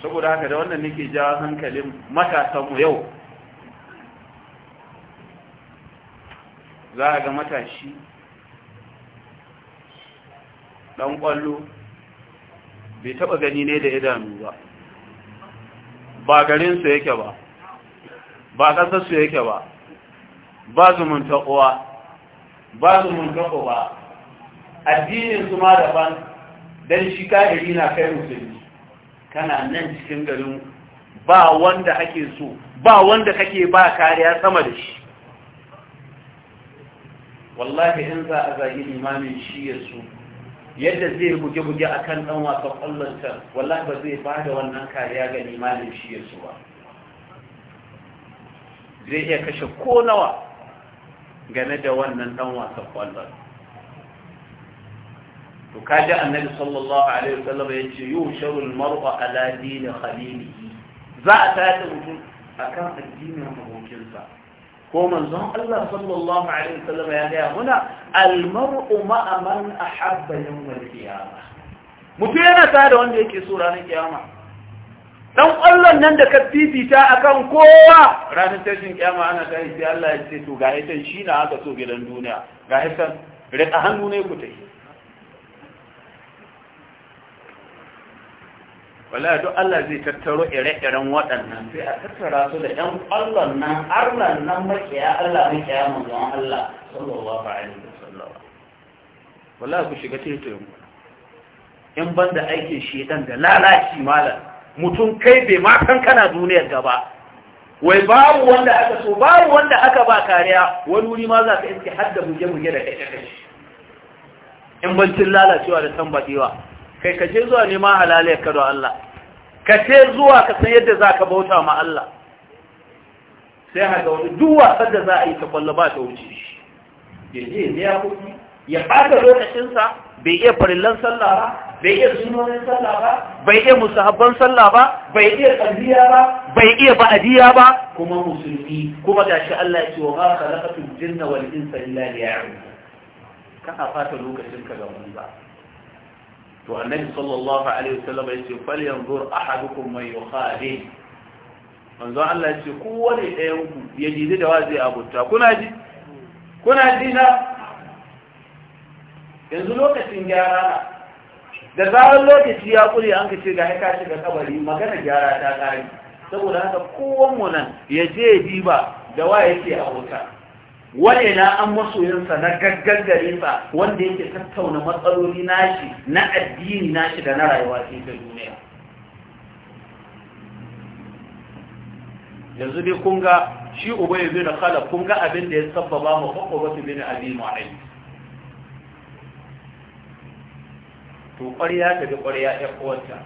saboda haka da wannan nake ja hankalin matasanmu yau za a ga matashi ɗan ƙwallo bai taɓa gani ne da idanu ba ba garinsu yake ba ba ƙasarsu yake ba ba zumunta uwa ba zumunta Addinin su ma daban don shi ka'iri na kai musulmi kana nan cikin garin ba wanda ake so ba wanda kake ba kariya sama da shi wallahi in za a zagi limamin shi ya so yadda zai buge-buge a kan ɗan wasan ƙwallonta wallahi ba zai ba da wannan kariya ga limamin shi ya so ba zai iya kashe ko nawa game da wannan ɗan wasan ƙwallon to kaji annabi sallallahu alaihi wasallam ya ce yau sharul mar'a ala dini khalilihi za a tada mutum akan addinin abokinsa ko manzon Allah sallallahu alaihi wasallam ya ga muna al mar'u ma'a man ahabba yawmal qiyamah mutum yana tada wanda yake so ranar kiyama dan Allah nan da ka fifita akan kowa ranar tashin kiyama ana kai sai Allah ya ce to ga ita shi na haka so gidan duniya ga ita rika hannu ne ku tafi wala duk Allah zai tattaro ire-iren waɗannan sai a tattara su da ɗan ƙwallon nan arnan nan makiya Allah makiya manzon Allah sallallahu alaihi wasallam wala ku shiga taitayin ku in ban da aikin shedan da lalaci malam mutum kai bai ma kan kana duniyar gaba wai babu wanda aka so babu wanda aka ba kariya wani wuri ma za ka iske har da muje muje da kashe-kashe in bancin lalacewa da tambadewa kai ka je zuwa neman halaliyar ka da Allah ka ce zuwa ka san yadda za ka bauta ma Allah sai haka wani duk wasan da za a yi ta kwallo ba ta wuce shi ya je ya kuɗi ya ɓata lokacinsa bai iya farillan sallah ba bai iya sunonin sallah ba bai iya musahabban sallah ba bai iya tsalliya ba bai iya Ba'adiya ba kuma musulmi kuma shi Allah ya ce wa ma khalaqatul jinna wal insa illa liya'budun kana fata lokacin ka ga wani ba to annabi sallallahu alaihi wasallam yace fal yanzur ahadukum man yukhadi manzo Allah yace wani ɗayan ku ya ji da wazi abuta kuna ji kuna ji na yanzu lokacin gyara da zarar lokaci ya kure an kace ga haka shiga kabari magana gyara ta kare saboda haka kowan mu nan ya je diba da wa yake abota wa'ina an masoyinsa na gaggagare sa wanda yake tattauna matsaloli nashi na addini nashi da na rayuwa sai ta duniya yanzu dai kun ga shi ubay bin kala kun ga abin da ya sabbaba mu bi bin abin mu'ayyid to ƙwarya ta ga ƙwarya ya kowata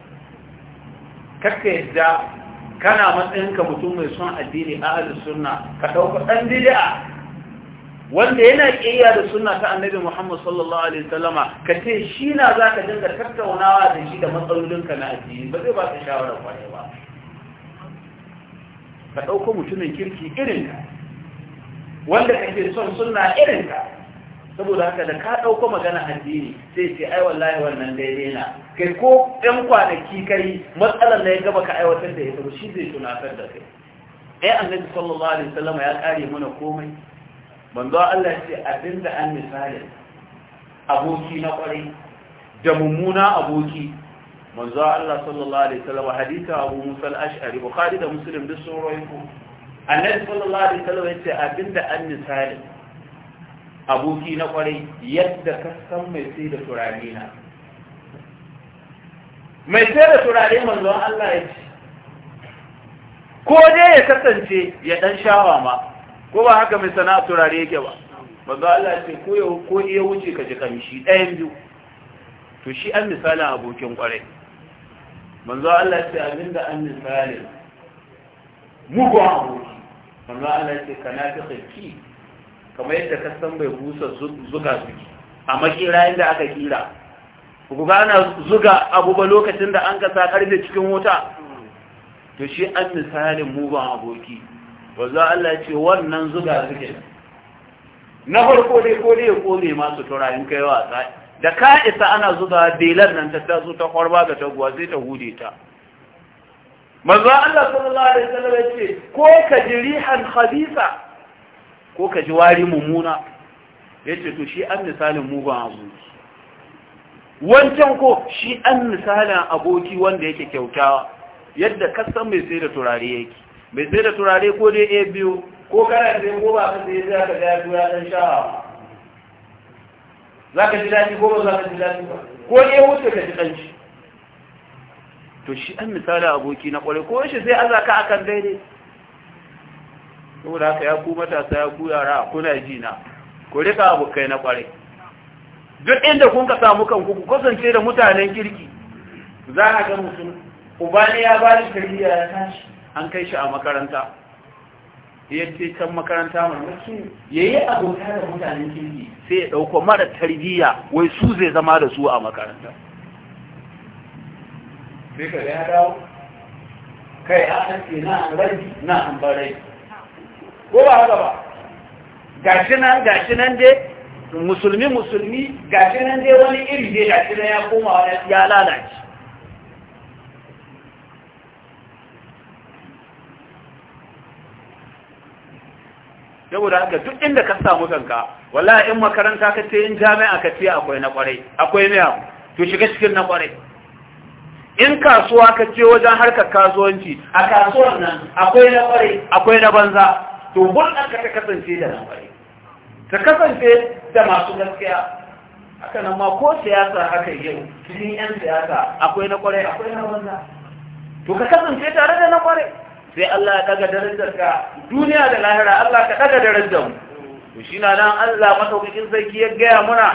kakka yadda kana matsayinka mutum mai son addini a sunna ka ɗauka ɗan bid'a wanda yana kiyaya da sunna ta annabi Muhammad sallallahu alaihi wasallama ka ce shi na zaka dinga tattaunawa da shi da matsalolinka na addini ba zai ba ka shawara kwaye ba ka dauko mutumin kirki irin ka wanda kake son sunna irin ka saboda haka da ka dauko magana addini sai ce ai wallahi wannan daidai na kai ko ɗan kwanaki kai matsalar da ya gaba ka aiwatar da ita shi zai tunatar da kai ai eh, annabi sallallahu alaihi wasallama ya kare mana komai manzo Allah ce abinda an misali aboki na kwarai da mummuna aboki manzo Allah sallallahu alaihi wasallam hadisi Abu Musa al-Ash'ari Bukhari da Muslim duk sun rawaito Annabi sallallahu alaihi wasallam yace abinda an misali aboki na kwarai yadda ka san mai sai da turare na mai sai da turare manzo Allah yace ko dai ya kasance ya dan shawa ma ko ba haka mai sana'a turare yake ba manzo Allah ce ko ya ko iya wuce ka ji kamshi ɗayan biyu to shi an misalin abokin kwarai manzo Allah ce abinda an misalin mugun aboki manzo Allah ce kana ta tsaki kamar yadda ka san bai busa zuga suke a makira inda aka kira ku ga ana zuga abu ba lokacin da an ka sa karfe cikin wuta to shi an misalin mugun aboki wanzu Allah ce wannan zuga suke na farko dai ko dai ya kone masu tura kai wa tsaye da ka isa ana zuga belar nan ta taso ta kwarba ga taguwa sai ta hude ta manzo Allah sallallahu alaihi wasallam yace ce ko ka ji rihan khabisa ko ka ji wari mummuna yace to shi an misalin mugun abu wancan ko shi an misalin aboki wanda yake kyautawa yadda kasan mai sai da turare yake mai sai da turare ko dai a biyu ko kana da ko ba ka sai za ka gaya tura ɗan sha'awa za ka ji daɗi ko ba za ka ji daɗi ba ko ne wuce ka ji ɗanci to shi an misali aboki na ƙwarai ko shi sai Allah ka akan daidai saboda haka ya ku matasa ya ku yara kuna ji na ku rika abokai na ƙwarai duk inda kun ka samu kanku ku kasance da mutanen kirki za a ga mutum uba ne ya ba shi tarbiyya ya tashi an kai shi a makaranta ya ce can makaranta mai ya yi abota da mutanen kirki sai ya ɗauko mara tarbiyya wai su zai zama da su a makaranta sai ka ya dawo kai a ce na an rabi na an barai ko ba haka ba gashi nan gashi nan dai musulmi musulmi gashi nan dai wani iri dai gashi nan ya koma ya lalace saboda haka duk inda ka samu kanka wallahi in makaranta ka ce in jami'a ka ce akwai na kwarai akwai ne to shiga cikin na kwarai in kasuwa ka ce wajen harkar kasuwanci a kasuwar nan akwai na kwarai akwai na banza to hulɗar ka ta kasance da na kwarai ta kasance da masu gaskiya haka nan ma ko siyasa haka yau cikin 'yan siyasa akwai na kwarai akwai na banza to ka kasance tare da na kwarai sai Allah ya daga darajar ka duniya da lahira Allah ka daga darajar mu to shi na nan Allah madaukakin sarki ya gaya muna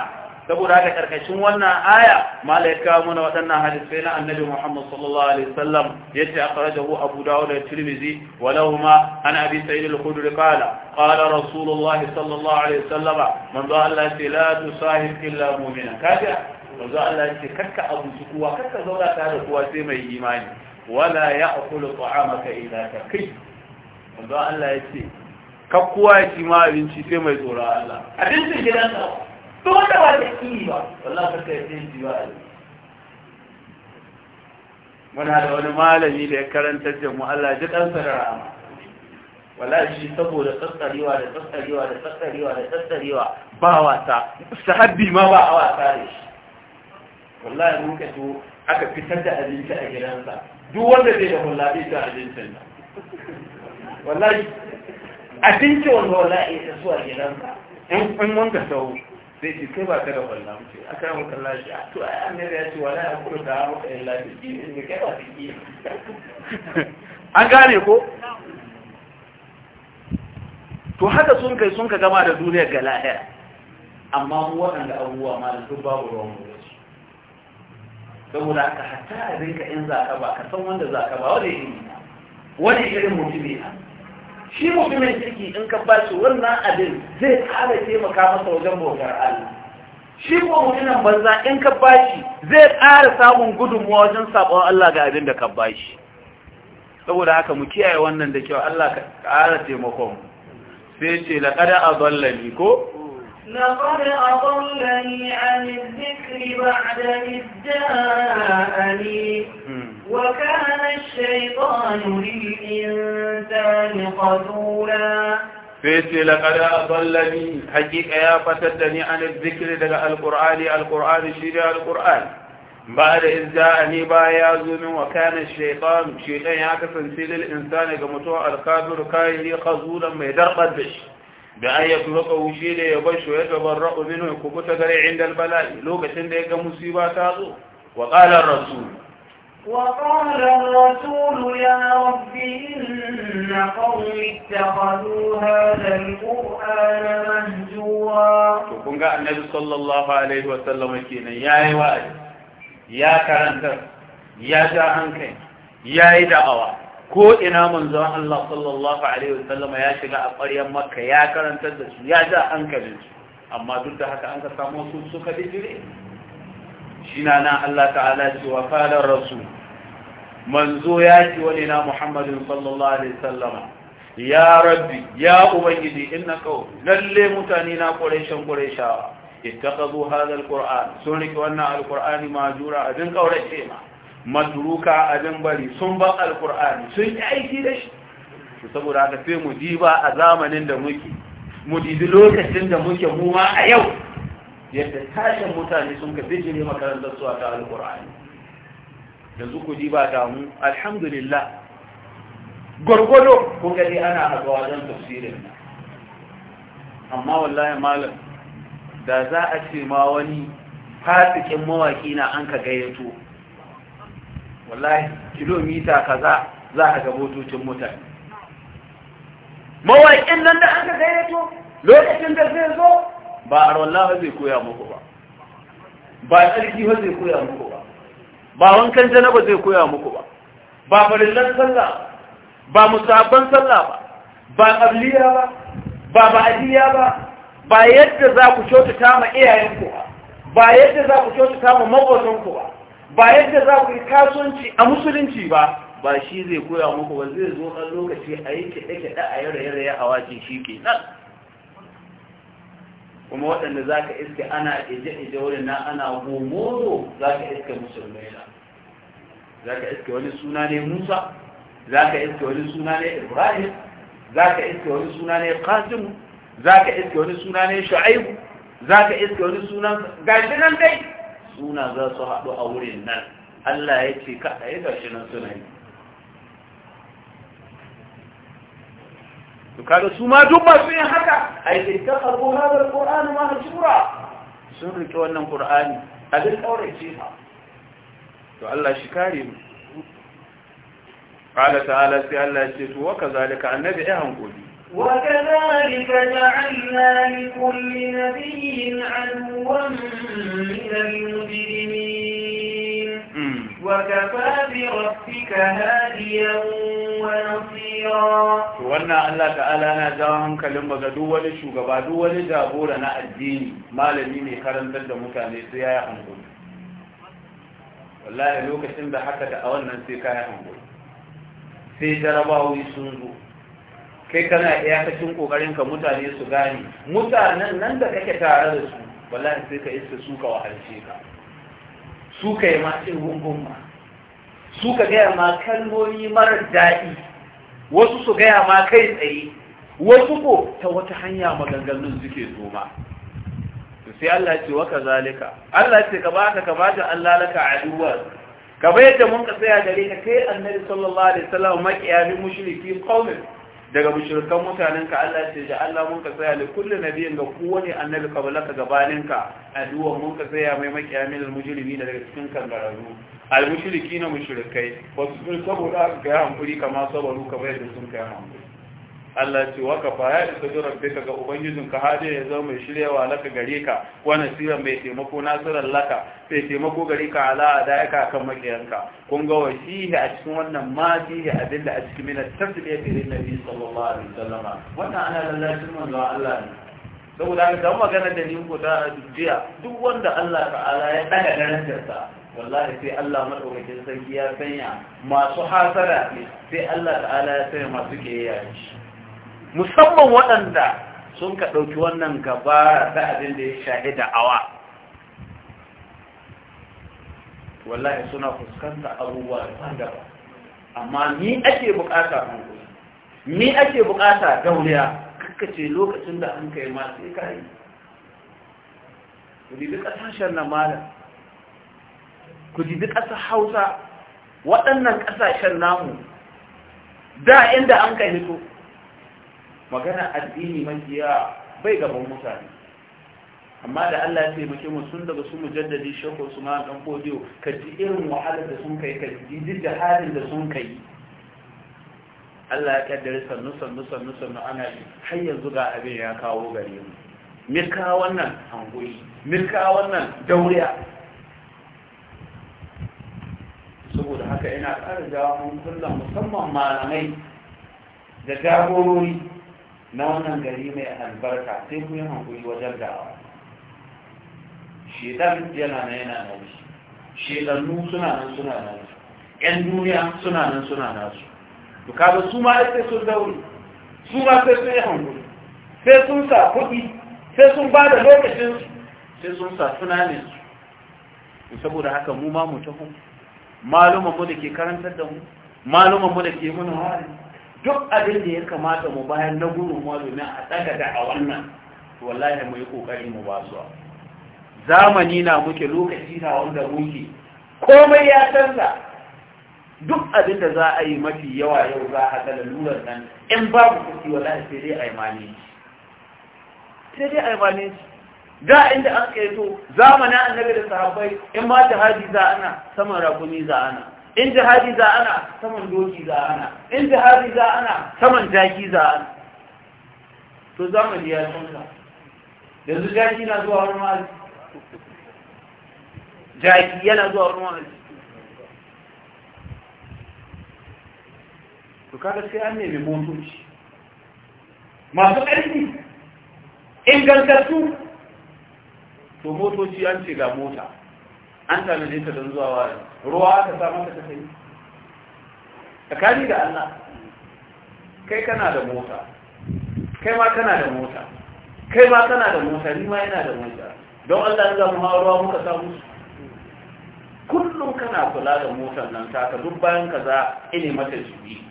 saboda haka karkashin wannan aya malaika muna waɗannan hadisai na annabi Muhammad sallallahu alaihi wasallam yace akhrajahu Abu Dawud da Tirmidhi wa lahumma an Abi Sa'id al-Khudri qala qala Rasulullah sallallahu alaihi wasallam man da Allah ce la tusahib illa mu'mina kaga manzo Allah ce karka abu kuwa Karka zauna tare da kuwa sai mai imani wala ya ya'kulu ta'amaka illa kai. manzo Allah ya ce ka kuwa ya ci ma abinci sai mai tsoro Allah abincin gidansa to wanda ba ta ki ba wallahi ka yi sai ji ba muna da wani malami da ya karanta da mu Allah ji kansa da rama. wallahi shi saboda tsatsarewa da tsatsarewa da tsatsarewa da tsatsarewa ba wasa sahabbi ma ba a wasa da shi wallahi mun ka aka fitar da abinci a gidansa duk wanda zai da wallahi ta abincin nan wallahi abinci wanda wallahi ta zuwa gidansa in in wanka sau sai ce kai ba ka da wallahi ce kai wata maka a to ai amir ya ce wallahi ko da ta ka yin lafi in da kai ba ta yi an gane ko to haka sun kai sun ka gama da duniyar ga lahira amma mu waɗanda abubuwa ma da duk babu ruwan mu saboda hata hatta abinka in za ka ba ka san wanda za ka ba wani iri wani irin mutumi na shi mutumin ciki in ka ba shi wannan abin zai ƙara taimaka masa wajen bautar Allah shi ko mutumin banza in ka ba shi zai ƙara samun gudunmuwa wajen sabon Allah ga abin da ka ba shi saboda haka mu kiyaye wannan da kyau Allah ka ƙara taimakon sai ce laƙada a zallani ko لقد أضلني عن الذكر بعد إذ جاءني وكان الشيطان للإنسان خذولا فيتي لقد أضلني حقيقة يا فتدني عن الذكر لقى القرآن القرآن شريع القرآن بعد إذ جاءني بايا ظلم وكان الشيطان شيطان يعكس للإنسان كمتوع كاي لي خذولا ما يدرقد بشي da an ya يبش kawushe منه كبت bar عند البلاء tabarra ubinu ya kubuta gare inda bala'i وقال الرسول يا رب إن قوم اتخذوا هذا القرآن مهجورا تكون النبي صلى الله عليه وسلم كينا يا إيوائي يا كرنتر يا جاهنكين يا إدعوائي ko ina manzon Allah sallallahu alaihi wasallam ya shiga a ƙwaryar Makka ya karantar da su ya ja hankalin su amma duk da haka an ka samu su suka bijire shi na nan Allah ta'ala ce wa qalar rasul manzo ya ce wani na Muhammadin sallallahu alaihi wasallam ya rabbi ya ubangiji innaka lalle mutane na quraishan quraishawa ittaqadu hadha alquran sun rike wannan alqurani majura abin kaurace ma matruka a bari sun ba alkur'ani sun yi aiki da shi saboda haka sai mu ba a zamanin da muke mu ji lokacin da muke muma a yau yadda tashin mutane sun ka bijire makarantar su a ta alkur'ani yanzu ku diba ta mu alhamdulillah gwargwado Ko gani ana haɗuwa don tafsirin amma wallahi malam da za a ce ma wani fasikin mawaki na an ka gayyato wallahi kilomita kaza za a ga motocin mutane mawaƙin nan da aka gayyato lokacin da zai zo ba a wallahi zai koya muku ba ba tsarki ba zai koya muku ba ba wankan ba zai koya muku ba ba farillan sallah ba musabban sallah ba ba ƙabliya ba ba ba'adiyya ba ba yadda za ku kyautata ma iyayenku ba ba yadda za ku kyautata ma maƙotanku ba ba yadda za ku yi kasuwanci a musulunci ba ba shi zai koya muku ba zai zo ɗan lokaci a yi kiɗe-kiɗe a yi raye-raye a wajen shi ke nan kuma waɗanda za ka iske ana ije-ije wurin na ana gomoro za ka iske musulmai na za ka iske wani suna ne musa za ka iske wani suna ne ibrahim za ka iske wani suna ne kasim za ka iske wani suna ne shu'aibu za ka iske wani suna gashi nan dai suna za su haɗu a wurin nan Allah ya ce ka a yi gashi nan suna yi to kaga su ma duk masu yin haka a yi kirka karbo haɗar ƙor'ani ma hajjura sun rike wannan ƙor'ani a duk ƙaurace ha to Allah shi kare mu قال تعالى سي الله يجيس وكذلك النبي ya هنقولي وكذلك جعلنا لكل نبي عدوا من المجرمين وكفى بربك هاديا wannan Allah ta'ala na jawo hankalin maza duk wani shugaba duk wani jagora na addini malami ne karantar da mutane sai ya yi hankali wallahi lokacin da haka da a wannan sai ka yi hankali sai jarabawa sun zo kai kana iyakacin kokarin ka mutane su gane mutanen nan da kake tare da su wallahi sai ka iska su ka wahalce ka su ka yi masu rungun ma su ka gaya ma kalmomi marar daɗi wasu su gaya ma kai tsaye wasu ko ta wata hanya maganganun suke zoma. sai Allah ce waka zalika Allah ce ka baka ka bata Allah laka aduwa ka bayyana mun ka tsaya gare ka kai annabi sallallahu alaihi wasallam makiyamin mushriki qaumin daga mushirikan mutanen Allah ce da Allah mun ka tsaya li kullu nabiyin ga kowane annabi kabalaka gabanin ka aduwa mun ka tsaya mai makiyamin almujrimi da daga cikin kangararru na mushrikai wasu saboda ga hankuri kamar sabaru kamar yadda sun kai hankuri Allah ce waka fa ya isa ga rabbika ga ka hade ya zama mai shiryawa laka gare ka wa nasira mai taimako nasiran laka sai taimako gare ka ala adaika kan makiyanka kun ga wasihi a cikin wannan ma fihi abinda a cikin min at-tasbiyati lin nabi sallallahu alaihi wasallam wannan ana lallacin manzo Allah ne saboda an da magana da ni ko da jiya duk wanda Allah ta'ala ya daga darajarsa wallahi sai Allah madaukakin sarki ya sanya masu hasara sai Allah ta'ala ya sanya masu kiyaye shi musamman waɗanda sun ka ɗauki wannan gaba da abin da ya shahi da awa wallahi suna fuskanta abubuwa ba. amma ni ake bukata ni ake bukata dauriya kakace lokacin da an kai ma sai ka yi ku jibi ƙasashen na malam ku jibi ƙasar hausa waɗannan ƙasashen namu da inda an kai hito magana addini makiya bai gaban mutane amma da Allah ya taimake mu sun daga su mujaddadi shakku su ma dan kodiyo ka ji irin wahalar da sun kai ka ji didda halin da sun kai Allah ya kaddare sannu sannu sannu sannu ana yi har yanzu ga abin ya kawo gare mu mirka wannan hangoyi mirka wannan dauriya saboda haka ina ƙara jawo hankulan musamman malamai da jagorori na wannan gari mai albarka sai ku yi hankuli wajen da'awa shedan yana na yana na shi shedannu suna nan suna su yan duniya suna nan suna nasu to ba su ma sai sun zauri su ma sai sun yi hankuli sai sun sa kuɗi sai sun ba da lokacin sai sun sa tunanin su saboda haka mu ma mu tafi malumanmu da ke karantar da mu malumanmu da ke muna wari duk abin da ya kamata mu bayan na gudunmuwa domin a tsaka da a wannan wallahi mu yi kokari mu ba su zamani na muke lokaci na wanda muke komai ya canza duk abin da za a yi mafi yawa yau za a haɗa lalurar nan in babu kuki wallahi sai dai a yi mani sai dai a yi mani da inda an to zamanin annabi da sahabbai in ma ta haji za ana saman rakumi za ana in jihadi za ana saman doki za ana in jihadi za ana saman jaki za ana to zamani ya canza yanzu jaki na zuwa wani ma'aji jaki yana zuwa wani ma'aji to kaga sai an nemi motoci masu ƙarfi ingantattu to motoci an ce ga mota an tanade ta don zuwa wa'azi ruwa aka samar da tafi tsakani da Allah kai kana da mota kai ma kana da mota kai ma kana da mota ni ma yana da mota don Allah ya mu ruwa muka samu kullum kana kula da motar nan ka duk bayan kaza ine mata jibi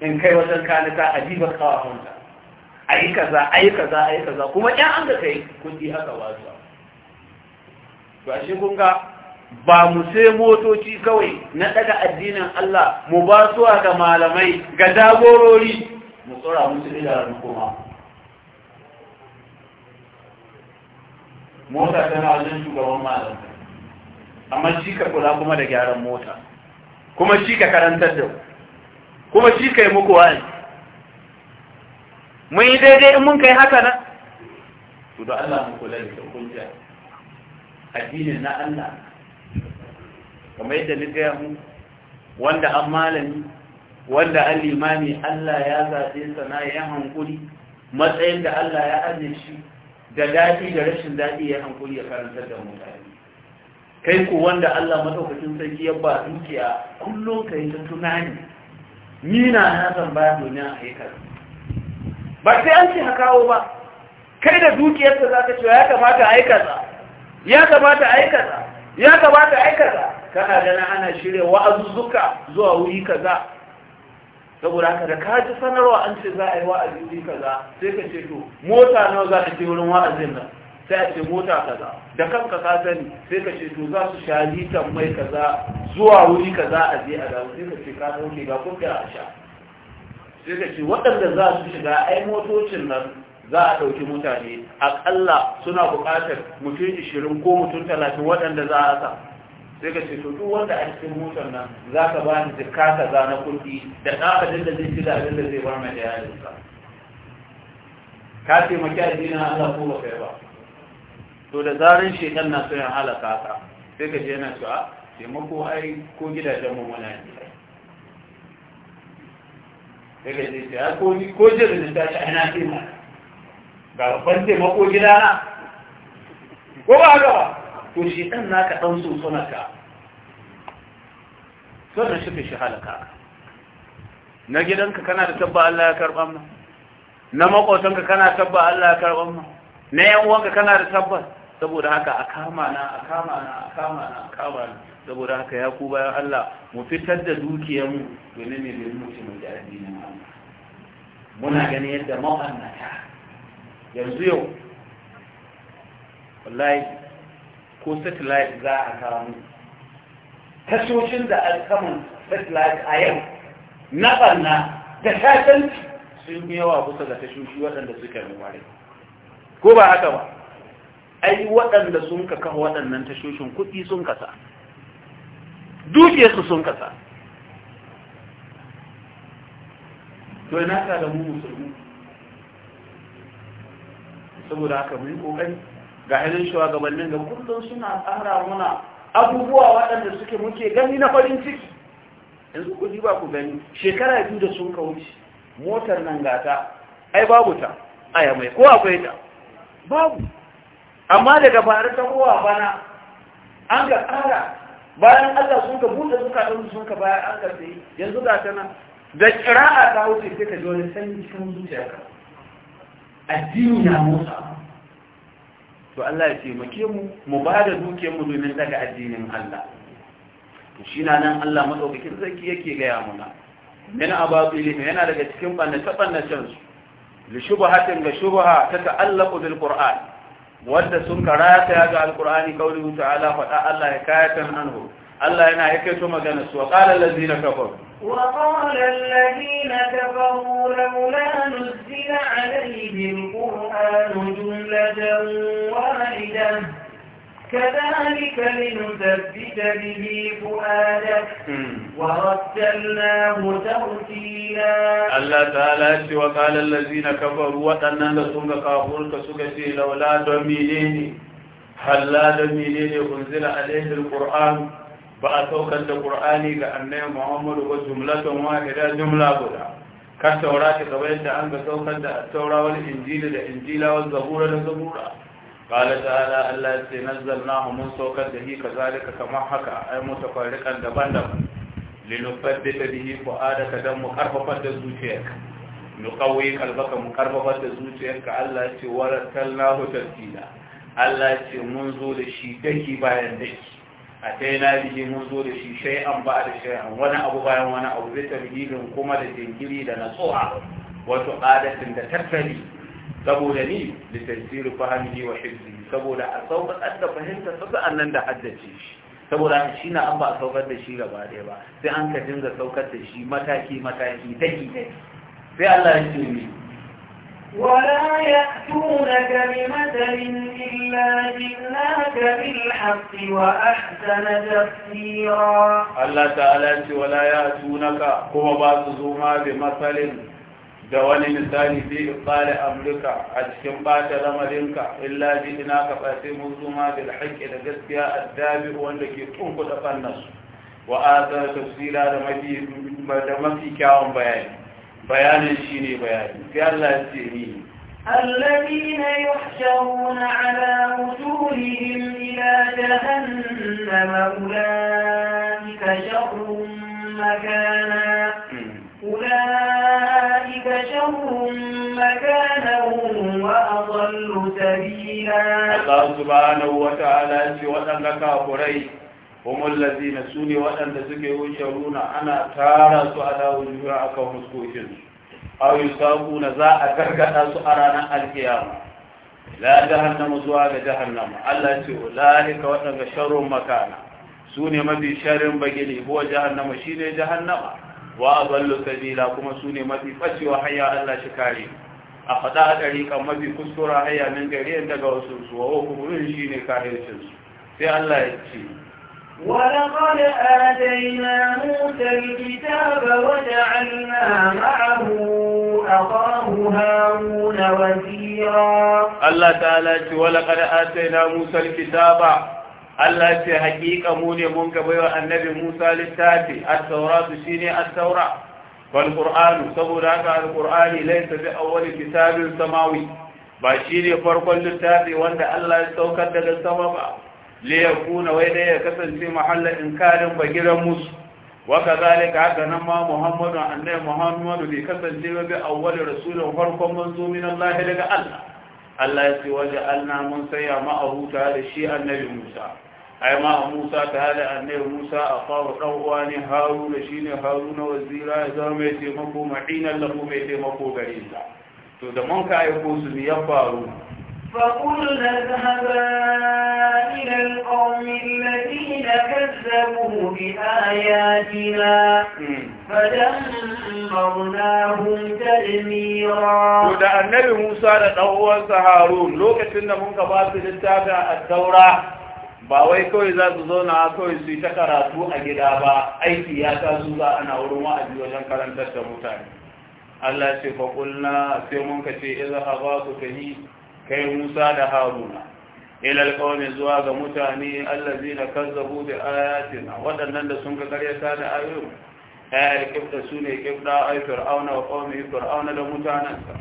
in kai wajen ta a jiba kawahunta a yi kaza a yi kaza a yi kaza kuma yan an da kai yi haka wasu to kun ga ba mu sai motoci kawai na daga addinin Allah mu ba su ga malamai ga dagorori mu tsora ci da kuma mota tana wajen shugaban malamai amma shi ka kula kuma da gyaran mota kuma shi ka karantar da kuma shi ka yi muku wani mun yi daidai in mun kai haka na to da Allah mu kula da hujja addinin na Allah kamar yadda gaya mu wanda an malami wanda an limami Allah ya zaɓe sana ya hankuri matsayin da Allah ya aje shi da daɗi da rashin daɗi ya hankuri ya karanta da mutane kai ku wanda Allah madaukakin sarki ya ba dukiya kullum kai ta tunani ni na na zan ba duniya a yi ba sai an ce ha kawo ba kai da dukiyarsa za ka cewa ya kamata a aikata ya kamata a aikata ya kamata a aikata kana ganin ana shirya wa'azuzzuka zuwa wuri kaza saboda haka da ka ji sanarwa an ce za a yi wa'azi wuri kaza sai ka ce to mota nawa za ta je wurin wa'azin nan sai a ce mota kaza da kanka ka sani sai ka ce to za su sha litan mai kaza zuwa wuri kaza a je a dawo sai ka ce ka dauke ga kuka a sha sai ka ce waɗanda za su shiga ai motocin nan za a ɗauki mutane aƙalla suna buƙatar mutum 20 ko mutum 30 waɗanda za a sa sai ka ce to duk wanda a cikin motar nan za ka ba ni ka za na kudi da ka da zai ci da abin da zai bar mai da yarinsa ka taimaki na Allah ko ba kai ba to da zarin shekan na so yin halaka ka sai ka je yana cewa mako ai ko gidajen mu mana ne sai ka ce ya ko ni ko je da ta ta ina ma ga ban taimako na? ko ba haka ba to shi ɗan naka ɗan to da shi fi shi halaka na gidanka kana da tabba Allah ya karɓa ma na maƙotanka kana tabba Allah ya karɓa ma na yan uwanka kana da tabbas saboda haka a kama na a kama na a kama na a kama na saboda haka ya ku bayan Allah mu fitar da dukiyarmu domin ne domin mu da addinin Allah muna ganin yadda ma'annata yanzu yau wallahi ko satellite za a karamu, tashoshin da alkaman satellite a yau na ɓanna da shashanci sun yawa kusa da tashoshi waɗanda suka yi ko ba haka ba ai waɗanda sun ka kawo waɗannan tashoshin kuɗi sun kasa dukiyarsu sun kasa to ina ka da mu musulmi saboda haka mun ƙoƙari. ga hannun shugabannin ga kullum suna tsara muna abubuwa waɗanda suke muke gani na farin ciki yanzu ku ba ku gani shekara biyu da sun wuce motar nan gata ai babu ta aya mai ko akwai ta babu amma daga faru ta kowa bana an ga tsara bayan allah sun ka buɗe suka ɗan sun ka bayan an ga yi. yanzu ga ta nan da ƙira'a ta wuce sai ka ji wani sanyi zuciya ka addini na motsa to Allah ya taimake mu mu ba da dukiyar mu domin daga addinin Allah to shi na nan Allah madaukakin sarki yake gaya muna min ilimi yana daga cikin bannace bannacen su li shubhatin ga shubha ta ta'allaqu bil qur'an wanda sun karata ga alqur'ani kauli ta'ala da Allah ya kayatan anhu Allah yana hikaito magana su وقال الذين كفروا وقال الذين كفروا لولا نزل عليه القرآن جملة واحدة كذلك لنثبت به فؤادك ورتلناه ترتيلا الله تعالى وقال الذين كفروا وأنا لسنك كافرك سكتي لولا دمينيني هل لا دمينيني أنزل عليه القرآن ba a saukar da ƙur'ani ga annabi muhammadu ba jumlatan wahida jumla guda ka taura ta gaba yadda an ga saukar da taura injila da injila wa zabura da zabura qala ta'ala allah ya ce nazzalnahu mun saukar da hi kazalika kamar haka ay mutafariqan daban-daban linufaddita bihi fu'adaka dan mu karfafa da zuciyarka nuqawwi qalbaka mu karfafa da zuciyarka allah ya ce waratalnahu tartila allah ya ce mun zo da shi daki bayan daki a sai na bihi mun zo da shi sai an ba da shai wani abu bayan wani abu zai tarhibin kuma da jinkiri da natsuwa wato adatin da tattali saboda ni da tasiru fahimci wa hibzi saboda a sauƙaƙar da fahimta su nan da haddace saboda shi na an ba a saukar da shi gaba ɗaya ba sai an ka dinga saukar da shi mataki mataki daki daki sai Allah ya ce ni ولا يأتونك بمثل إلا جئناك بالحق وأحسن تفسيرا الله تعالى ولا يأتونك كما باسزوما بمثل da wani misali bi ibtali amrika a cikin bata lamarinka illa ji ina ka fasi muzuma bil haqqi da gaskiya addabi wanda ke tunku da fannas wa azar da da mafi kyawun bayani بيان shi بيان bayani الذين يحشرون على وجوههم إلى جهنم أولئك شر مكانا أولئك شر مكانا وأضل سبيلا الله سبحانه وتعالى سوى أنك أخرين humul ladina sune waɗanda suke wuce runa ana tara su ala wujuha akan huskokin aw yusaquna za a gargada su a ranar alkiyama la jahannama zuwa ga jahannama Allah ce ulaika waɗanda sharon makana sune mafi sharrin bagili huwa jahannama shine jahannama wa adallu sabila kuma sune mafi fashewa hanya Allah shi kare a faɗa a ɗari kan mafi kuskura hanya nan gari daga wasu su wa hukumin shine kahircin su sai Allah ya ce ولقد آتينا موسى الكتاب وجعلنا معه أخاه هارون وزيرا الله تعالى ولقد آتينا موسى الكتاب الله في حقيقة موني منك بيوى النبي موسى للتاتي الثورة تشيني الثورة فالقرآن صبراك على القرآن ليس في أول كتاب سماوي بشيني فرق للتاتي وانا الله يستوكد للسماوي liyakuna wai dai ya kasance mahallin inkarin gidan musu waka zalika haka nan ma muhammadu annai muhammadu bai kasance ba bi awwalin rasulun farkon manzo min Allah daga Allah Allah ya ce waje alna mun saya abu, tare da shi annabi Musa ai ma Musa tare da annabi Musa a kawo dan uwa ne Haruna shine Haruna wazira ya zama mai taimako ma'inan lahu mai taimako gare sa to da mun ka aiko su ne ya faru فقلنا اذهبا إلى القوم الذين كذبوا بآياتنا فدمرناهم تدميرا وده النبي موسى لدهو سهارون لو كتن منك باسي للتابع الدورة ba wai kawai za su zauna kawai su yi ta karatu a gida ba aiki ya ta zuwa ana wurin wa'azi wajen karantar da mutane Allah ce fa kulna sai mun ka ce idza haba ku tahi kai Musa da Haruna ila alqawmi zuwa ga mutane allazina kazzabu bi ayatina wadannan da sun ga karyata da ayoyi ayar kifta sune kifta ay fir'auna wa qawmi fir'auna da mutanansa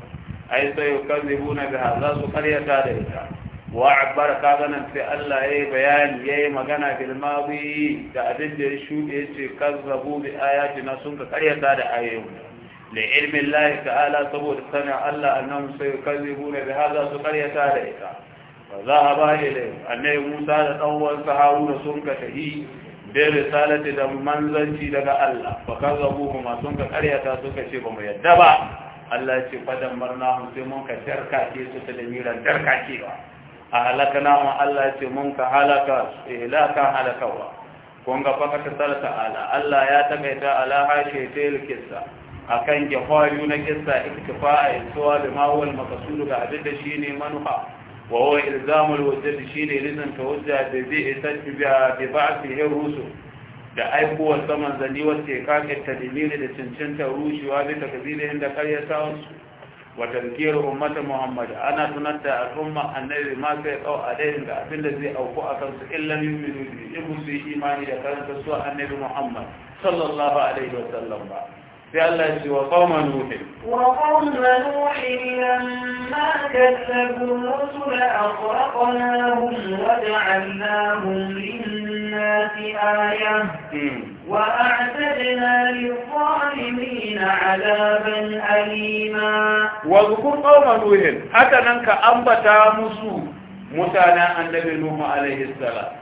ay sai kazibuna biha za su karyata da ita wa abbar kaga nan sai Allah yayi bayani yayi magana bil madi da abin da ya shuɗe yace kazzabu bi ayatina sun ga karyata da ayoyi da ilmin lahi ta'ala saboda sanin Allah annan sai kallibu ne da haza su karyata da ita ba za a ba ilai annai musa da ɗanwar haruna sun ka tahi da risalati da manzanci daga Allah ba ka zabu kuma sun ka karyata ka ce ba mu yadda ba Allah ce fadan marnahun sai mun ka tarkake su ta da miran ba a halaka namun Allah ce mun ka halaka ilaka eh, wa? kun ga fakata sala ala? Allah ya takaita ala hashe ta yi a akan kifayu na kisa kissa a istiwa da ma huwa ga abin da shine manufa wa huwa ilzamu al-wajh shine rizan tawajja da zai isa bi ba'thi rusul da aikuwar saman zani wacce kake ta tadimiri da cancanta rushewa zai takazili inda karya sawansu wa tazkiyar ummata muhammad ana tunar da al'umma annabi ma sai kau a ɗayan da abin da zai auku a kansu illan yin minuti in musu yi imani da karanta su annabi muhammad sallallahu alaihi wasallam ba sai Allah ce wa kawo manu wuce. wa hmm. zukun kawo nuhin haka nan ka ambata musu mutanen annabi nuhu alaihissala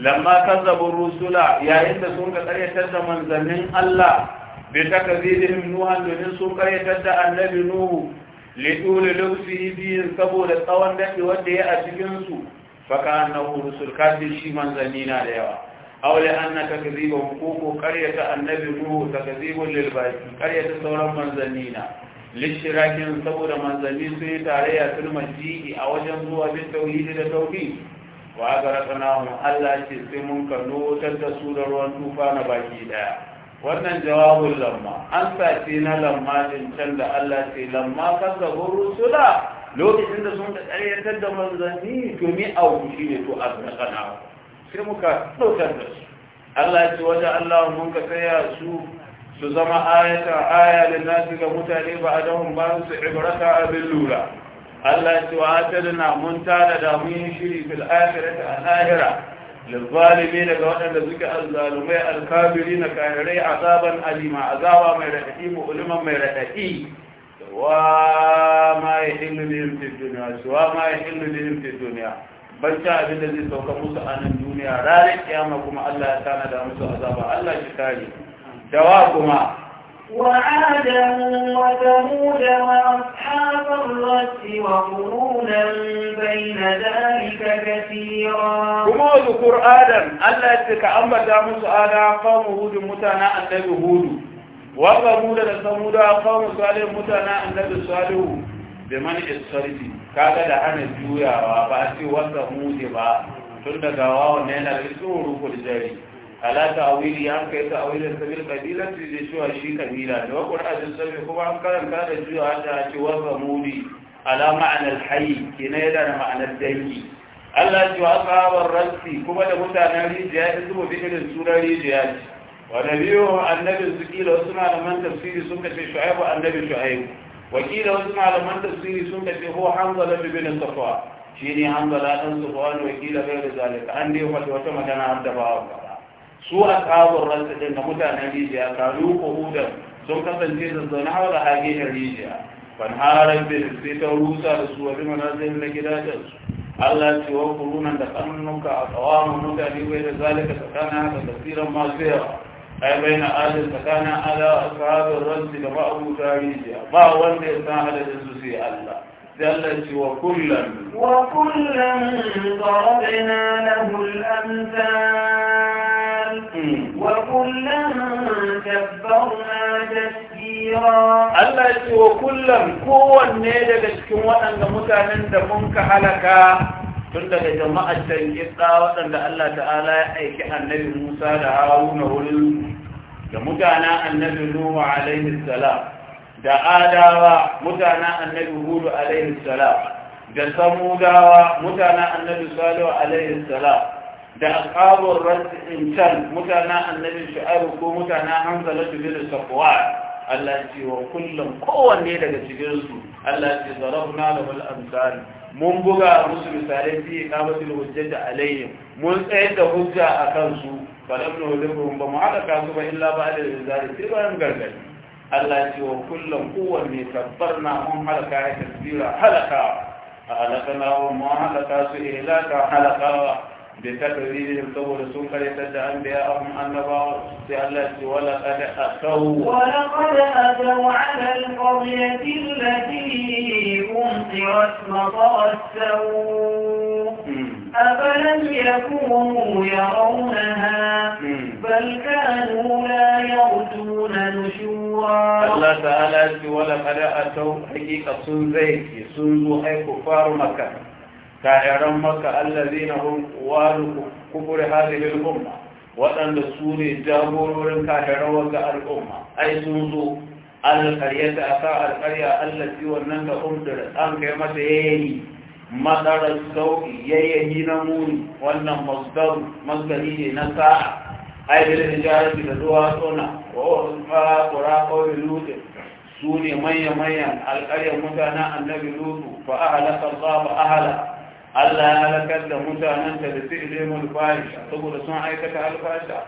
lamma kan zaɓin rusula yayin da sun ka tsariyar tattaman zannin allah bi takzibihim nuhan domin sun karyatar da annabi nuhu li dole lubsi biyin saboda tsawon dadi wanda ya a cikin su fa kanahu rusul kafir shi manzanni na da yawa aw li anna takzibahum ko karyata annabi nuhu takzibun lil baqi karyata sauran manzanni na lishirakin saboda manzanni sun yi tarayya fil masjidi a wajen zuwa bin tauhidi da tauhid wa agarqnahum Allah ce sai mun kano tar da su da ruwan tufa na baki daya wannan jawabin lamma an sace na lamma din can da Allah ce lamma kazzabun rusula lokacin da sun da ƙaryatar da manzanni to a wuce ne to azraqana sai muka daukar da su Allah ce waje Allah mun ka tsaya su su zama ayata aya da nasu ga mutane ba a dahun ba su ibrata bin lura Allah ce wa atadna mun tana da mun shiri fil a lahira. للظالمين لوانا لذلك الظالمين الكابرين كاهري عذابا أليما عذابا ما يرحيم وعلما ما يرحيم وما يحل لهم في الدنيا سواء ما يحل لهم في الدنيا بل شاء الذي سوف موسى عن الدنيا رارك يا مكما الله كان دا موسى عذابا الله شكاري دواكما وعادا وثمود وأصحاب الرس وقرونا بين ذلك كثيرا كما ذكر آدم ألا يتك أما دامس آدم قوم هود متنا النبي هود وثمود لثمود قوم صالح متنا النبي صالح بمن الصرفي kaga da hana juyawa ba sai wasa mude ba tun daga wawan yana da tsoron kulli jari ala ta'awili an kai ta'awilin sabil kabilan da cewa shi kabila da wa qur'anin sabil kuma an karanta da cewa ta ce wa zamudi ala ma'anar hayy kina yana da ma'anar dangi Allah ji wa sahabar rasi kuma da mutanen rijiya in zuba bi irin sunan rijiya ce wa nabiyu annabin su wasu malaman tafsiri sun kace shu'aibu annabi shu'aibu wakila wasu malaman tafsiri sun kace huwa hanzala bin safwa shine hanzala dan safwa wakila bai da zalika an dai wata magana har da bawa su a kabin ransa ɗin da mutanen rijiya kalu ko hudan sun kasance da zaune hawa da hagen rijiya ban harar bin sai ta rusa da su wani manazin na gidajen su Allah ce wa kurunan da ƙanunanka a tsawamin mutane bai da zalika tsakanin haka tasirin masu yawa ai bai na adin tsakanin ala a sahabin ransu da ma'abuta rijiya ba wanda ya san adadin su sai Allah دلت وكلا وكلا ضربنا له الأمثال وكلا تبرنا تسجيرا kullum kowanne daga cikin waɗanda mutanen da mun ka حلقا tun daga jama'ar tankitsa waɗanda Allah ta'ala ya aiki annabi Musa da Haruna wurin da mutanen annabi Nuhu alaihi salam da Adawa mutanen annabi Hudu alaihi salam da Samudawa mutanen annabi Salihu alaihi salam da akawar rasin can mutana annabi shu'aib ko mutana hanzala bin safwan Allah ce wa kullum kowanne daga cikinsu. su Allah ce zarabna lahul amsal mun buga musu misalai fi iqamatul da alaihim mun tsayar da hujja akan su falam nuhlikum ba mu'alaka su ba illa ba'da izari sai bayan gargadi Allah ce wa kullum kowanne na mun halaka ya tasbira halaka halaka wa su ihlaka eh, halaka بتكذيبهم سوى سوء لتتأنبياءهم أنبار سألت ولقد أتوا ولقد أتوا على القرية التي أمطرت مطر السوء أفلم يكونوا يرونها بل كانوا لا يرجون نشورا الله تعالى ولقد أتوا حقيقة سنزيك سنزو أي كفار مكة kayaran maka allazina hum walu kufur hadhihi al waɗanda su ne jagororin ka'iran wata al'umma ai sun zo alƙaryata a sa alƙarya allazi wannan ka umdar an kai mata yayi madarar sauƙi yayi na muni wannan masdar ne na sa'a ai da tijarati da zuwa tsona wa usfa qura qawli lutin su ne manya-manyan alƙaryar mutanen annabi lutu fa ahalaka ahala Allah ya halakar da mutanenta da su ilimin fahisha saboda sun aikata alfasha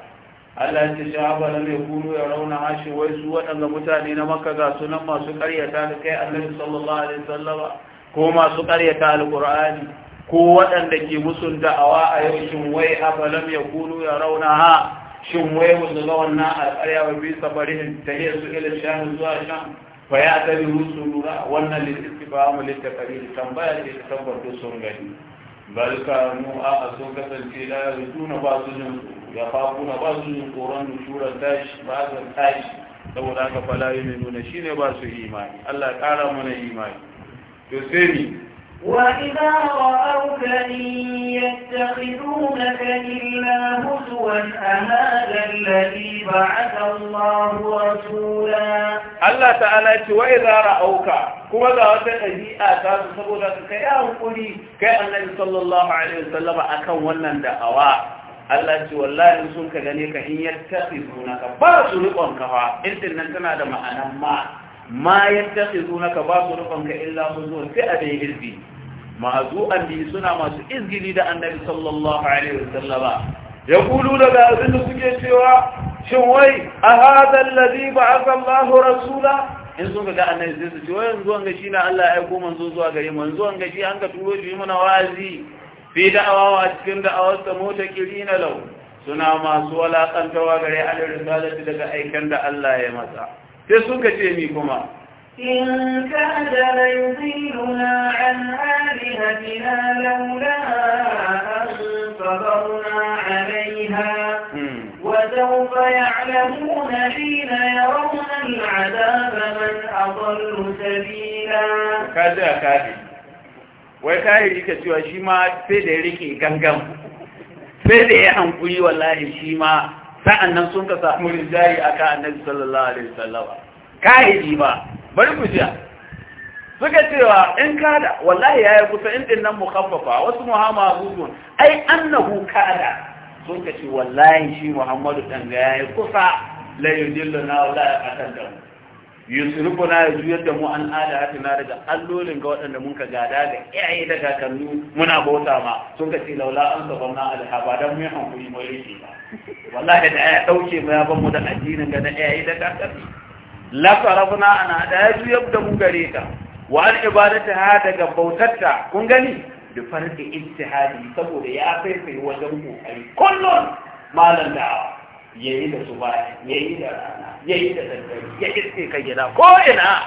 Allah ya ce shahaba na mai kuru ya rauna hashi wai su waɗanda mutane na maka ga sunan masu ƙaryata da kai annabi sallallahu alaihi sallama ko masu ƙaryata alƙur'ani ko waɗanda ke musun da'awa a yau shin wai afalam ya kuru ya rauna ha shin wai musu ga wannan alƙarya wa bisa barihin ta iya su ilin shahin zuwa shan fa ya tabi rusuluna wannan listifamu littaqari tambaya ce ta tabbato sun gani bal mu a sun kasance la yarjuna ba su jin ya fafuna ba su jin tsoron nushuran tashi ba su tashi saboda haka fala yi nuna shine ba su imani Allah ya kara mana imani to sai ni وإذا رأوك إن يتخذونك إلا هزوا أهذا الذي بعث الله رسولا الله تعالى وإذا رأوك كما ذا وتنهي آتاك سبولا كيا وقولي كي النبي صلى الله عليه وسلم أكون ولن دعوا Allah ce wallahi sun ka gane ka in yattakizunaka ba su riƙon ka fa in nan tana da ma'anan ma ma yattakizunaka ba su riƙon ka illa huzur sai a dai hizbi Masu bi suna masu izgili da annabi sallallahu alaihi wasallama yaquluna da abin da suke cewa shin wai a hadha alladhi ba'atha Allahu rasula in sun ga annabi sai su ce wai yanzu an shi na Allah ya aiko manzo zuwa gare manzo an shi an ka turo shi muna wazi fi da'awa a cikin da'awar ta mota kirina lau suna masu walakantawa gare alin risalati daga aikin da Allah ya masa sai sun ka ce ni kuma إن كاد ليضلنا عن آلهتنا لولا أن عليها وسوف يعلمون حين يرون العذاب من أضل سبيلا كاد كاد wai kahiri ka cewa shi ma sai da ya rike gangan sai da ya hankuri wallahi shi ma sa'an nan sun ka samu jari a kan annabi sallallahu alaihi wasallama kahiri ba bari ku jiya suka cewa in kada wallahi yayi kusa in din nan mukaffafa wasu muhamma hudun ai annahu kada sun ka ce wallahi shi muhammadu dan ga yayi kusa la na wala yaqtadu yusrifu na juyar da mu an adati na daga allolin ga waɗanda mun ka gada da iyaye da kakannu muna bauta ma sun ka ce laula an sabon na ba don mun hankuli mai rike ba wallahi da ya dauke mu ya ban mu da addinin ga da iyaye da kakanni lasarafna ana da ya juyar da mu gare ta wa an ibadata ha daga bautarta kun gani da farɗe ijtihadi saboda ya faifai wajen ai kullun malam da yayi da suba yayi da rana yayi da daddare ya iske ka gida ko ina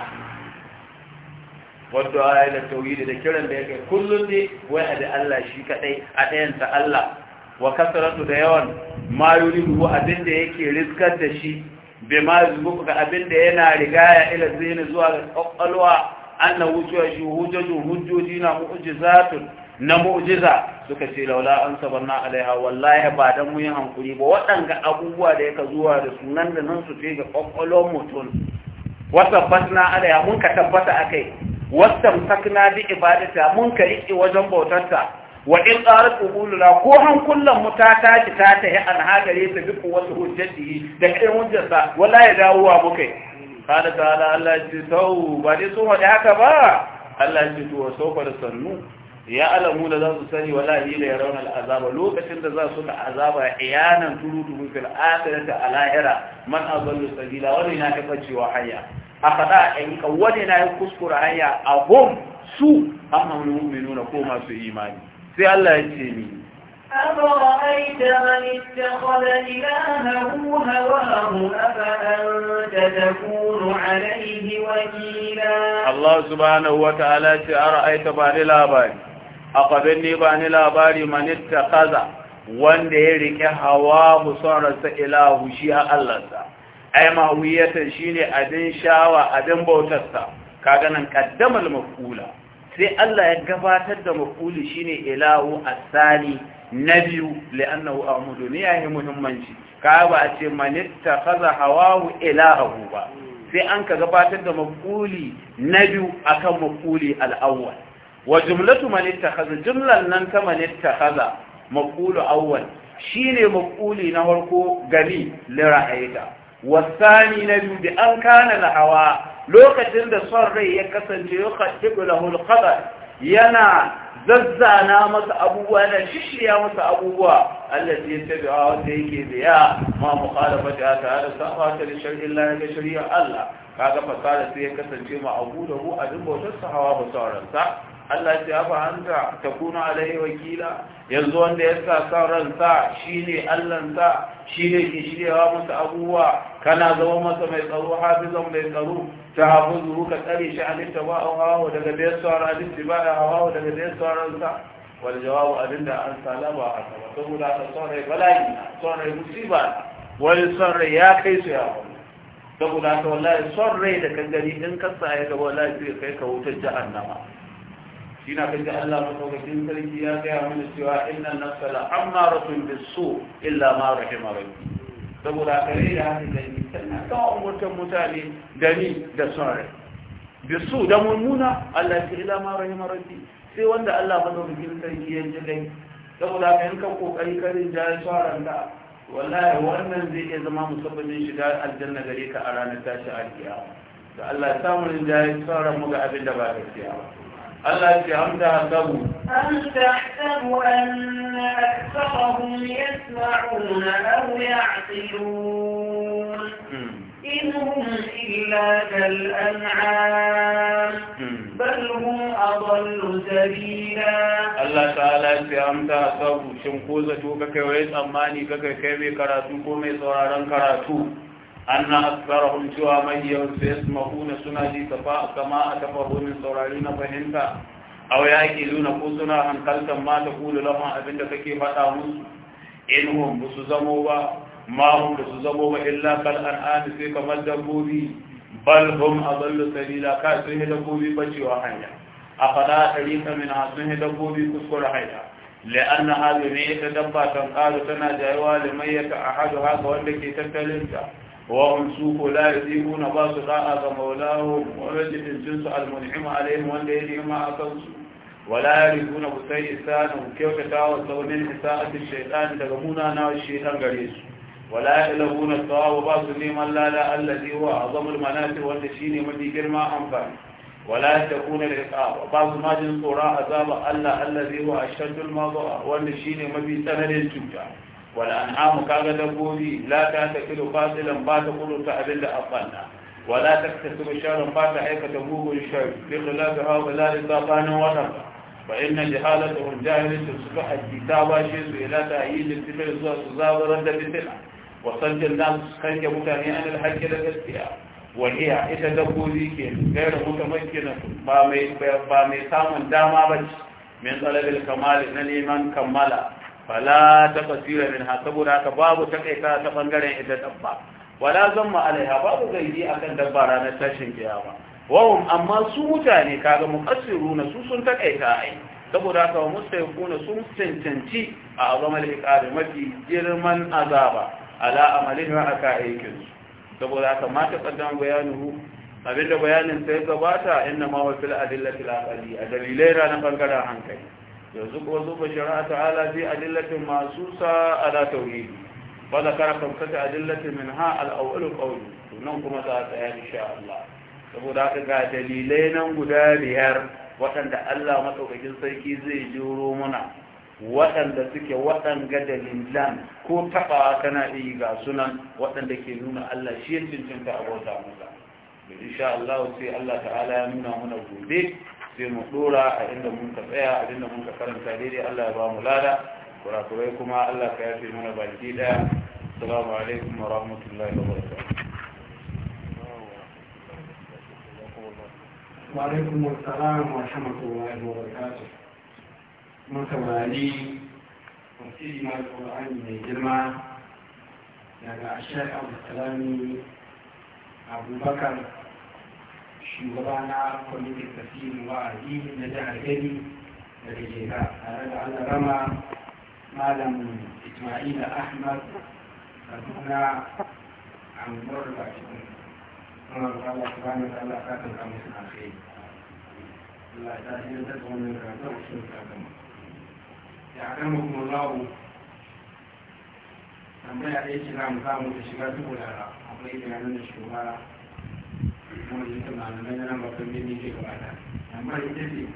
wato ayi da tauhidi da kiran da yake kullum ne wai a da Allah shi kadai a ɗayan ta Allah wa kasaratu da yawan ma yuridu abin da yake riskar da shi bai ma zubuka abinda yana rigaya ila zini zuwa ga kwakwalwa an na wuce shi hujjaju hujjoji na mu'ujizatun na mu'ujiza suka ce laula an na alaiha wallahi ba dan mu yin hankuri ba waɗanga abubuwa da yaka zuwa da sunan da nan su ce ga kwakwalwar mutum wata fasna alaiha mun ka tabbata akai wata sakna bi ibadata mun ka riƙe wajen bautarta wa in qarat quluna ko hankulan muta ta tashi ta tahi an hagare ta duk wasu hujjati da kai ya dawo dawowa mukai kada ta'ala Allah ya ce tau ba dai so hada haka ba Allah ya ce to so da sannu ya alamu da za su sani wallahi da ya raunar azaba lokacin da za su da azaba iyanan turutu fil akhirati alahira man azallu sabila wani na kafacewa hanya a faɗa a yanka wani na yi kuskura hanya a su amma mumminu na ko masu imani tí a lè ṣe ni. Allahsu ba na wata alaci ara aita ba ni labari, a kwabin ni ba ni labari manita kaza wanda ya rike hawa musonarsa ilahu shi a Allahsa, ai mahu yata shi ne abin shawa abin bautarsa, kaganan ƙaddamar makula. sai Allah ya gabatar da mafulu shine ilahu asali na biyu li'annahu ahmudu ne yayi muhimmanci ka ba a ce manitta kaza hawahu ilahu ba sai an ka gabatar da mafuli na biyu akan mafuli al-awwal wa jumlatu manitta kaza jumlan nan ta manitta kaza mafulu awwal shine mafuli na farko gari li ra'ayta wasani na biyu bi an kana hawa. lokacin da son rai ya kasance ya kaddibu lahul yana zazzana masa abubuwa yana shishiya masa abubuwa allazi a wanda yake biya ma mukhalafati ta da sahaba ta shar'i Allah ga shari'a Allah kaga fasara sai ya kasance ma abu a hu abin bautar sahawa ba sauransa Allah ya fa hanta takuna alaihi wakila yanzu wanda ya sa sauransa shine Allahnsa shine ke shiryawa masa abubuwa kana zama masa mai tsaro hafizan mai tsaro ta abun zuru ka tsari sha'aninta ba a hawa daga da ya tsara ba a hawa daga da ya tsara wani jawabu abin da an sala ba a sama saboda ka tsara ya balagi tsara ya musiba wani tsara ya kai su ya wani saboda ka wallahi tsara da kan gani in ka ya gaba lafiya kai ka wuce jahannama shi na kan ji allah sarki ya gaya mana cewa inna nafsala amma bi so illa ma rahima rabbi saboda kare da haka zai yi sannan kawon wurtan mutane da ni da son rai da su da mummuna Allah ta ilama ma rahima rabbi sai wanda Allah ba zai bikin sarki ya ji dai saboda ka yanka ƙoƙari karin jayi tsaron da wallahi wannan zai iya zama musabbabin shiga aljanna gare ka a ranar tashi alkiya da Allah ya samu rinjaye tsaron mu ga abin da ba gaskiya ba Allah ce amta hasabu am tahsabu anna aktharahum yasma'una aw ya'qilun hmm. in hum illa kal an'am hmm. bal hum adallu sabila Allah ala ce amta hasabu shin ko zato kake wai tsammani kake kai mai karatu ko mai sauraron karatu أن أكثرهم سوى من يسمعون سنة تفاء كما أتفه من صرارين فهمتا أو يأكلون قوسنا أن قلتا ما تقول لهم أبنت فكي فتاهم إنهم بسزموا ما هم بسزموا إلا كالأنعام سيك مدبوبي بل هم أضل سبيلا كأسنه دبوبي بجي وحيا أفلا طريق من أسنه دبوبي كسكر حيا لأن هذه مئة دبا تنقال تنا جايوا لمية أحدها فولك تتلنسا وهم سوء لا يذيبون باس راء مولاهم ومجد الجنس المنعم عليهم والليل ما أكنسوا ولا يريدون بسيء إسانهم كيف تتاوصوا من إساءة الشيطان تغمونا ناو الشيطان قريسوا ولا يلغون الثواب باس لمن لا لا الذي هو أعظم المناسب والتشين مدي كرما أنفان ولا تكون العقاب وبعض ما جنس وراء عذاب الله الذي هو أشد المضاء والتشين مدي سنة الجمجة wala an amu kaga dabbobi la ta ta kilo fasilan ba ta kudu ta abin da afanna wala ta sharon ba ta aikata mugun shari fi kula da hawa la da tsakanin watan ba inna jihala ta hun jahilinta su ka haji ba shi su ila ta yi da zuwa su zaburar da fitina wasannin na su kanke mutane an alhaki da gaskiya wahiya ita dabbobi ke gairar mutamakki na su ba mai samun dama ba ci min tsalabil kamali na neman kammala fala ta kasira min saboda haka babu takaita ta ɓangaren ita dabba wala zamma alaiha babu gaidi akan dabba ranar tashin kiyama wawum amma su mutane kaga muqassiruna su sun takaita ai saboda haka wa mustayquna sun cancanci a azamal iqabi mafi girman azaba ala amalihim aka aikin saboda haka ma ta kaddan bayanuhu abinda bayanin sai gabata inna ma wa fil adillati a dalilai ranar bangaren hankali yanzu ko zuba shari'a ta'ala fi adillatin masu ala tauhid wa zakara kamsata adillatin minha al-awwalu qawl to nan kuma za ta yi insha Allah saboda haka ga dalilai nan guda biyar waɗanda Allah madaukakin sarki zai jiro muna waɗanda suke waɗanga dalilan ko taɓawa kana iya ga sunan waɗanda ke nuna Allah shi ya cancanta a bauta masa. Insha Allah sai Allah ta'ala ya nuna mana gobe في مطلولة عند منتفئة عند منتفئة تهديري الله يبقى ملالة ورحمة الله كافي من بالجيدة السلام عليكم ورحمة الله وبركاته وعليكم السلام ورحمة الله وبركاته متوالي وسيدي ما القرآن من الجمعة لدى الشيخ عبد أبو بكر shugaba na kwamitin tasirin wa'azi na jihar gani da ke jera tare da alarama malam ismail ahmad kaduna anguwar bakin kuma da allah subhanahu wa ta'ala ka kan kamusin alkhairi Allah ta shi da ta wannan karatu shi ka gama يعلمكم الله tambaya ɗaya ce za mu samu ta shiga saboda akwai bayanan da shugaba kuma ita malamai na nan babban birni ke gabata amma ita ce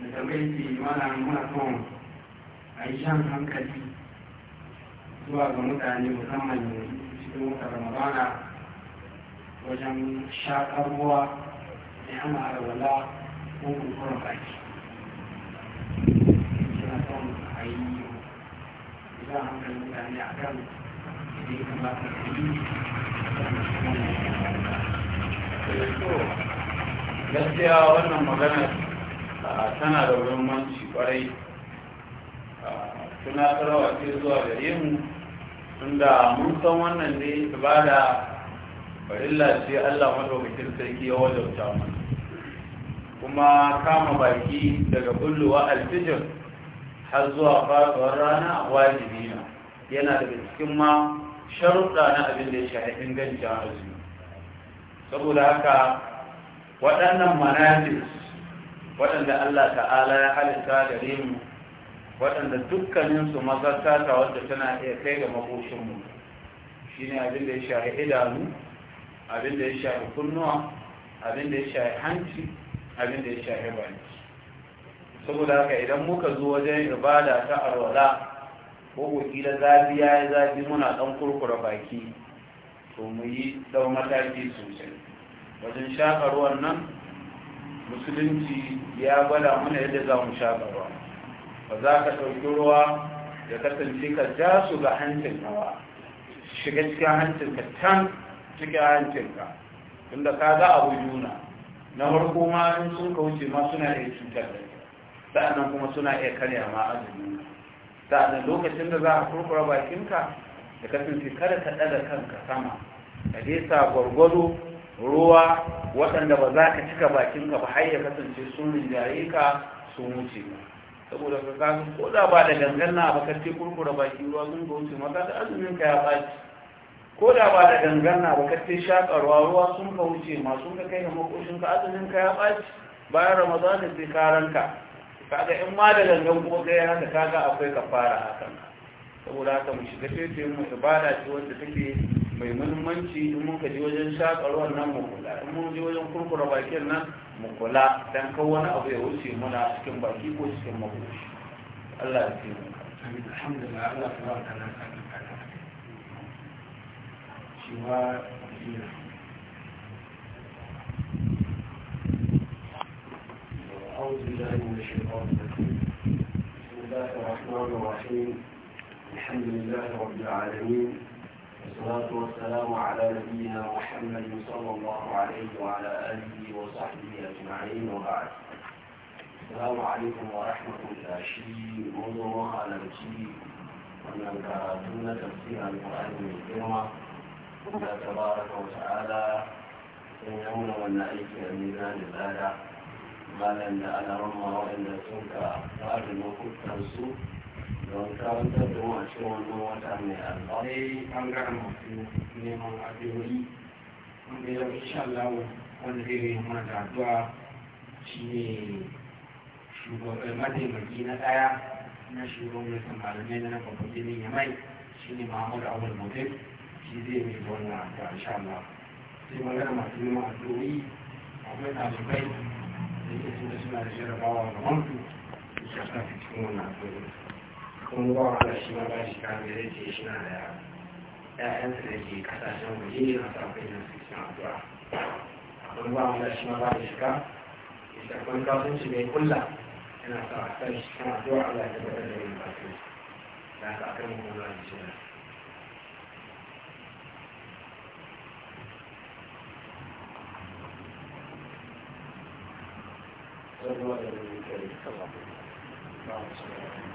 da tambayi ce mana muna son a yi shan hankali zuwa ga mutane musamman cikin wata ramadana wajen shaƙar ruwa da yana arwala ko kurkuren baki suna son a yi za a hankali mutane a kan da ya kamata a yi gaskiya wannan maganar tana da muhimmanci kwarai tunatarwa ce zuwa gare mu inda mun san wannan ne ba da barilla ce Allah madaukakin sarki ya wajabta mu kuma kama baki daga bulluwa alfijir har zuwa faruwar rana wajibi na yana daga cikin ma sharuɗa na abin da ya shahi ingancin arziki saboda haka waɗannan manajis waɗanda Allah ta'ala ya halitta da mu waɗanda dukkaninsu mazarta ta wadda tana iya kai ga makoshinmu shi ne abin da ya shahi idanu abin da ya shahi kunnuwa abin da ya shahi hanci abin da ya shahi banci. saboda haka idan muka zo wajen ibada ta arwala ko wakila zafi ya yi zafi muna ɗan kurkura baki to mu yi dau mataki sosai wajen shaƙa wannan? nan musulunci ya gwada mana yadda za mu shakarwa. ba za ka ɗauki ruwa da kasance ka ja su ga hancin hawa shiga cikin hancin ka can cikin hancin ka tunda ka ga abu juna na farko ma in sun kauce ma suna iya cutar da sa'annan kuma suna iya karya ma azumi sa'annan lokacin da za a kurkura bakinka da kasance kada ka ɗaga kanka sama ka desa gwargwado ruwa waɗanda ba za ka cika bakinka ba har ya kasance sun rinjaye ka sun wuce ba saboda ka kasu ko da ba da ganganna ba ka ce kurkura baki ruwa sun ga wuce maka da azumin ka ya ɓaci ko da ba da ganganna ba ka ce shaƙarwa ruwa sun ka wuce ma sun ka kai ga makoshin ka azumin ka ya ɓaci bayan ramadana sai ka ranka kaga in ma da gangan ko kai haka kaga akwai kafara kanka saboda haka mu shiga fefe mu ibada ce wanda take mai muhimmanci in mun ka wajen shakarwar nan mu kula in mun je wajen kurkura bakin nan mu kula dan kar wani abu ya wuce muna cikin baki ko cikin makoshi Allah ya kiyaye alhamdulillah Allah subhanahu wa ta'ala shi wa أعوذ بالله من الشيطان الرجيم بسم الله الرحمن الرحيم الحمد لله رب العالمين والصلاة والسلام على نبينا محمد صلى الله عليه وعلى آله وصحبه أجمعين وبعد السلام عليكم ورحمة الله شيء منذ على شيء ومن كراتون تفسير القرآن الكريم الكرمة الله تبارك وتعالى سنعون والنائك ميزان الآلة ما أن أنا رمى وإن سنك قابل وكتن سوء don karantar da mu a cikin wannan wata mai alfarai bangaren masu neman addu'o'i wanda yau insha Allah wanda zai yi mana da addu'a shine shugaban mataimaki na daya na shugaban malamai na babban birnin yamai shine Muhammad Awal Mutum shi zai mai wannan addu'a insha Allah sai magana masu neman addu'o'i akwai ɗalibai da yake suna da jarabawa ga wani su shafa cikin wannan addu'o'i kuma ba wahala shi ma ba shi kamar da ce shi na da ‘ya'yansa da ke kasashen waje yana sa kanyar su suna addu'a abin ba wahala shi ma ba da shiga isakon kasuwanci mai kulla yana sa a san shi suna addu'a Allah ya tabbatar da yin kasuwanci da haka akan Thank you.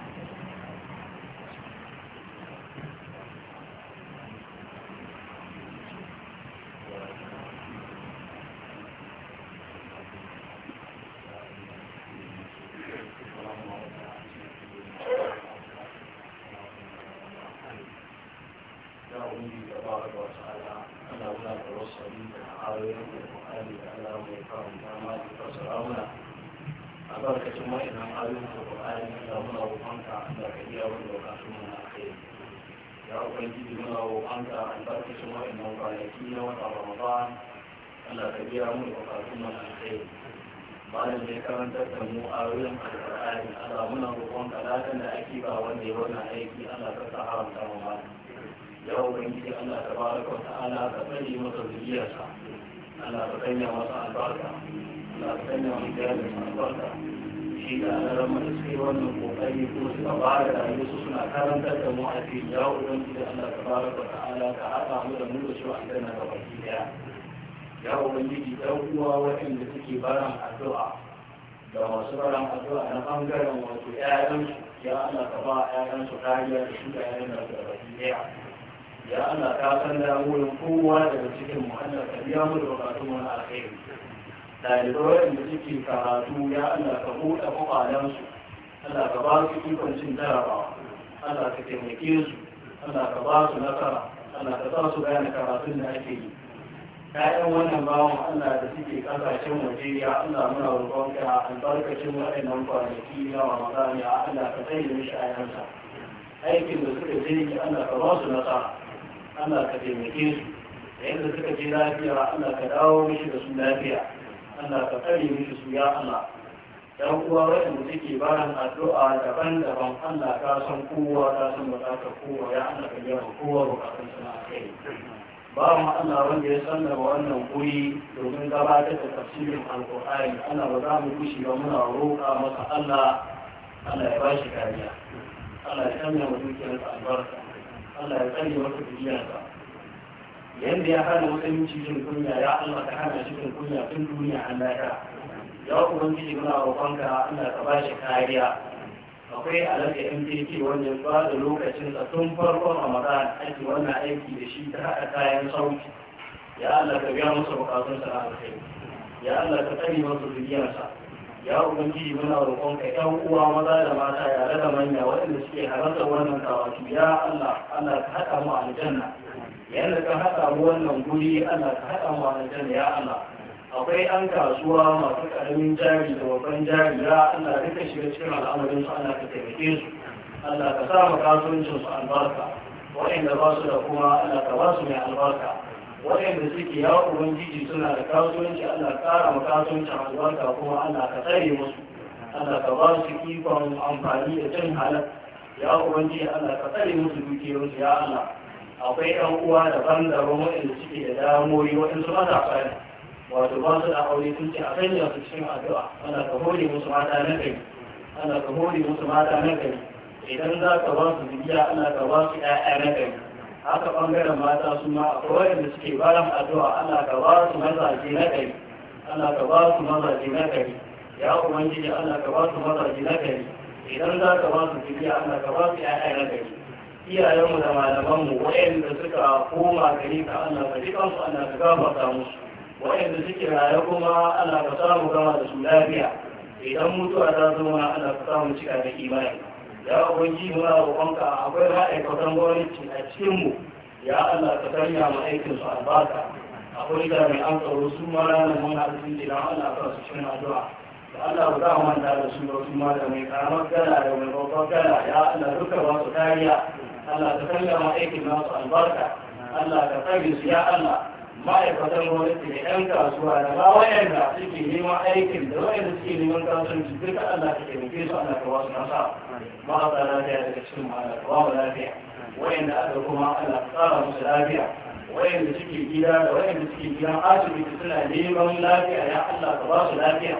biya mun da kafin mu kai malam ya karantar da mu a wurin alƙur'ani Allah muna roƙon ka ladan da ake ba wanda ya wannan aiki Allah ka sa haramta mu ba ya ubangiji Allah tabaraka wa ta'ala ka tsare masa zuriyarsa Allah ka sanya masa albarka Allah ka sanya masa albarka shi da alaran mai sai wannan kokari ko ka ba da rayuwarsu suna karantar da mu a cikin ya ubangiji Allah ka haɗa mu da mu a daya ya ubangiji ɗan uwa waɗanda suke baran addu'a da masu baran addu'a na ɓangaren wato ƴaƴansu ya Allah ka ba ƴaƴansu kariya da su da ƴaƴan da suka baki ɗaya ya Allah ka san damuwar kowa daga cikin mu Allah ka biya mu da bukatun wani alheri ɗalibai waɗanda suke karatu ya Allah ka buɗe kwakwalensu Allah ka ba su ikon cin jarabawa Allah ka taimake su Allah ka ba su nasara Allah ka sa su gane karatun da ake yi ƴaƴan wannan bawan Allah da suke ƙasashen waje ya Allah muna roƙon ka albarkacin waɗannan kwanaki na Ramadan ya Allah ka tsaye mishi ayansa aikin da suka je ki Allah ka ba su nasara Allah ka taimake su da yadda suka je lafiya Allah ka dawo mishi da su lafiya Allah ka tsare mishi su ya Allah dan uwa waɗanda suke barin addu'a daban-daban Allah ka san kowa ka san ba za ka kowa ya Allah ka yawan kowa buƙatun sana'a kai bawan Allah wanda ya sallama wannan guri domin gabatar da tafsirin alkur'ani ana ba za mu gushi ba muna roƙa masa Allah Allah ya ba bashi kariya Allah ya sanya wa dukiyarsa albarka Allah ya sanya masa duniyarsa yanda ya hana musulunci jin kunya ya Allah ta hana shi jin kunya tun duniya an lahira ya ubangiji muna roƙonka Allah ka ba bashi kariya akwai alaƙa mtk wanda ba da lokacin a tun farkon ramadan ake wannan aiki da shi ta haɗa kayan sauki ya Allah ka biya masa bukatun sa na alkhairi ya Allah ka tsari masa zuriyarsa ya ubangiji muna roƙon ka ƴan uwa maza da mata yare da manya waɗanda suke halartar wannan kawaki ya Allah Allah ka haɗa mu aljanna yadda ka haɗa mu wannan guri Allah ka haɗa mu aljanna ya Allah akwai an kasuwa masu karamin jari da babban jari ya Allah duka shiga cikin al'amarin su ana ka taimake su Allah ka sa ma kasuwancin su albarka waɗanda ba su da kuma Allah ka ba su mai albarka waɗanda suke ya ubangiji suna da kasuwanci Allah ka ƙara ma kasuwancin albarka kuma Allah ka tsare musu Allah ka ba su ikon amfani da jin halar, ya ubangiji Allah ka tsare musu dukiyarsu, ya Allah akwai ɗan uwa daban-daban waɗanda suke da damoyi waɗansu matasa ne wato ba su da aure sun ce a kai da su cikin addu'a ana ka hore musu mata na gari ana ka hore musu mata na gari idan za ka ba su zuriya ana ka ba su ƴaƴa na gari haka ɓangaren mata su ma a akwai da suke bayan addu'a ana ka ba su mazaje na gari ana ka ba su mazaje na gari ya ubangiji ana ka ba su mazaje na gari idan za ka ba su zuriya ana ka ba su ƴaƴa na gari iyayenmu da malamanmu waɗanda suka koma gari ka ana ka ji ana ka gafarta musu wa'inda suke raye kuma Allah ka samu gama da su lafiya idan mutuwa ta zo mana Allah ka samu cika da imani ya ubangiji muna roƙonka akwai ma'aikatan gwamnati a cikin mu ya Allah ka sanya mu aikin su albarka akwai da mai an tsaro su ma ranar mun haɗu jira Allah ka su cikin addu'a da Allah ba za mu manta da su ba su ma da mai karamar gala da mai babbar gala ya Allah duka ba su kariya Allah ka sanya mu aikin nasu albarka Allah ka tsare su ya Allah ma'aikatan gwamnati da 'yan kasuwa da ma wayanda suke neman aikin da wayanda suke neman kasuwanci duka Allah ka taimake su Allah ta wasu nasa ma'aza lafiya daga cikin ma'ala ka babu lafiya wayanda aka kuma Allah ta tsara musu lafiya wayanda suke gida da wayanda suke gidan asibiti suna neman lafiya ya Allah ta ba su lafiya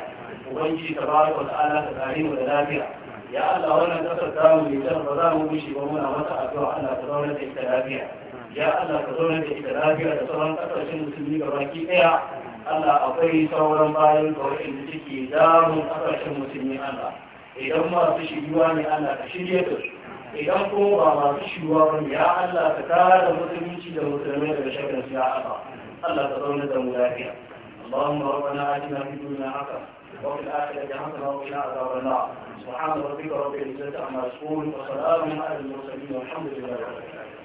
ubangiji ta ba wa ta'ala ta kare mu da lafiya ya Allah wannan kasar mu ne zan ba za mu gushe ba muna mata addu'a Allah ta zauna da ita lafiya ya Allah ka zauna da ita lafiya da sauran kasashen musulmi ga baki daya Allah akwai sauran bayan ga wa'inda suke damun kasashen musulmi Allah idan masu shiriwa ne Allah ka shirye da su idan kuma ba masu shiriwa ba ne ya Allah ka tara musulunci da musulmai daga shakar su ya Allah Allah ka zauna da mu lafiya اللهم ربنا آتنا في الدنيا حسنة وفي الآخرة حسنة وقنا عذاب النار سبحان ربك رب العزة عما يصفون وسلام على المرسلين والحمد لله رب العالمين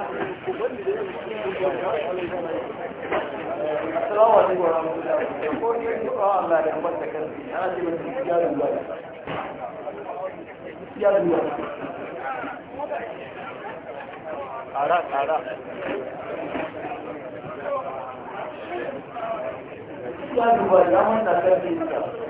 السلام عليكم ورحمة الله وبركاته. الله يرحمك كثير. أنا جبت رجال الله. رجال الله. أراك أراك. رجال الله. لا من تكلم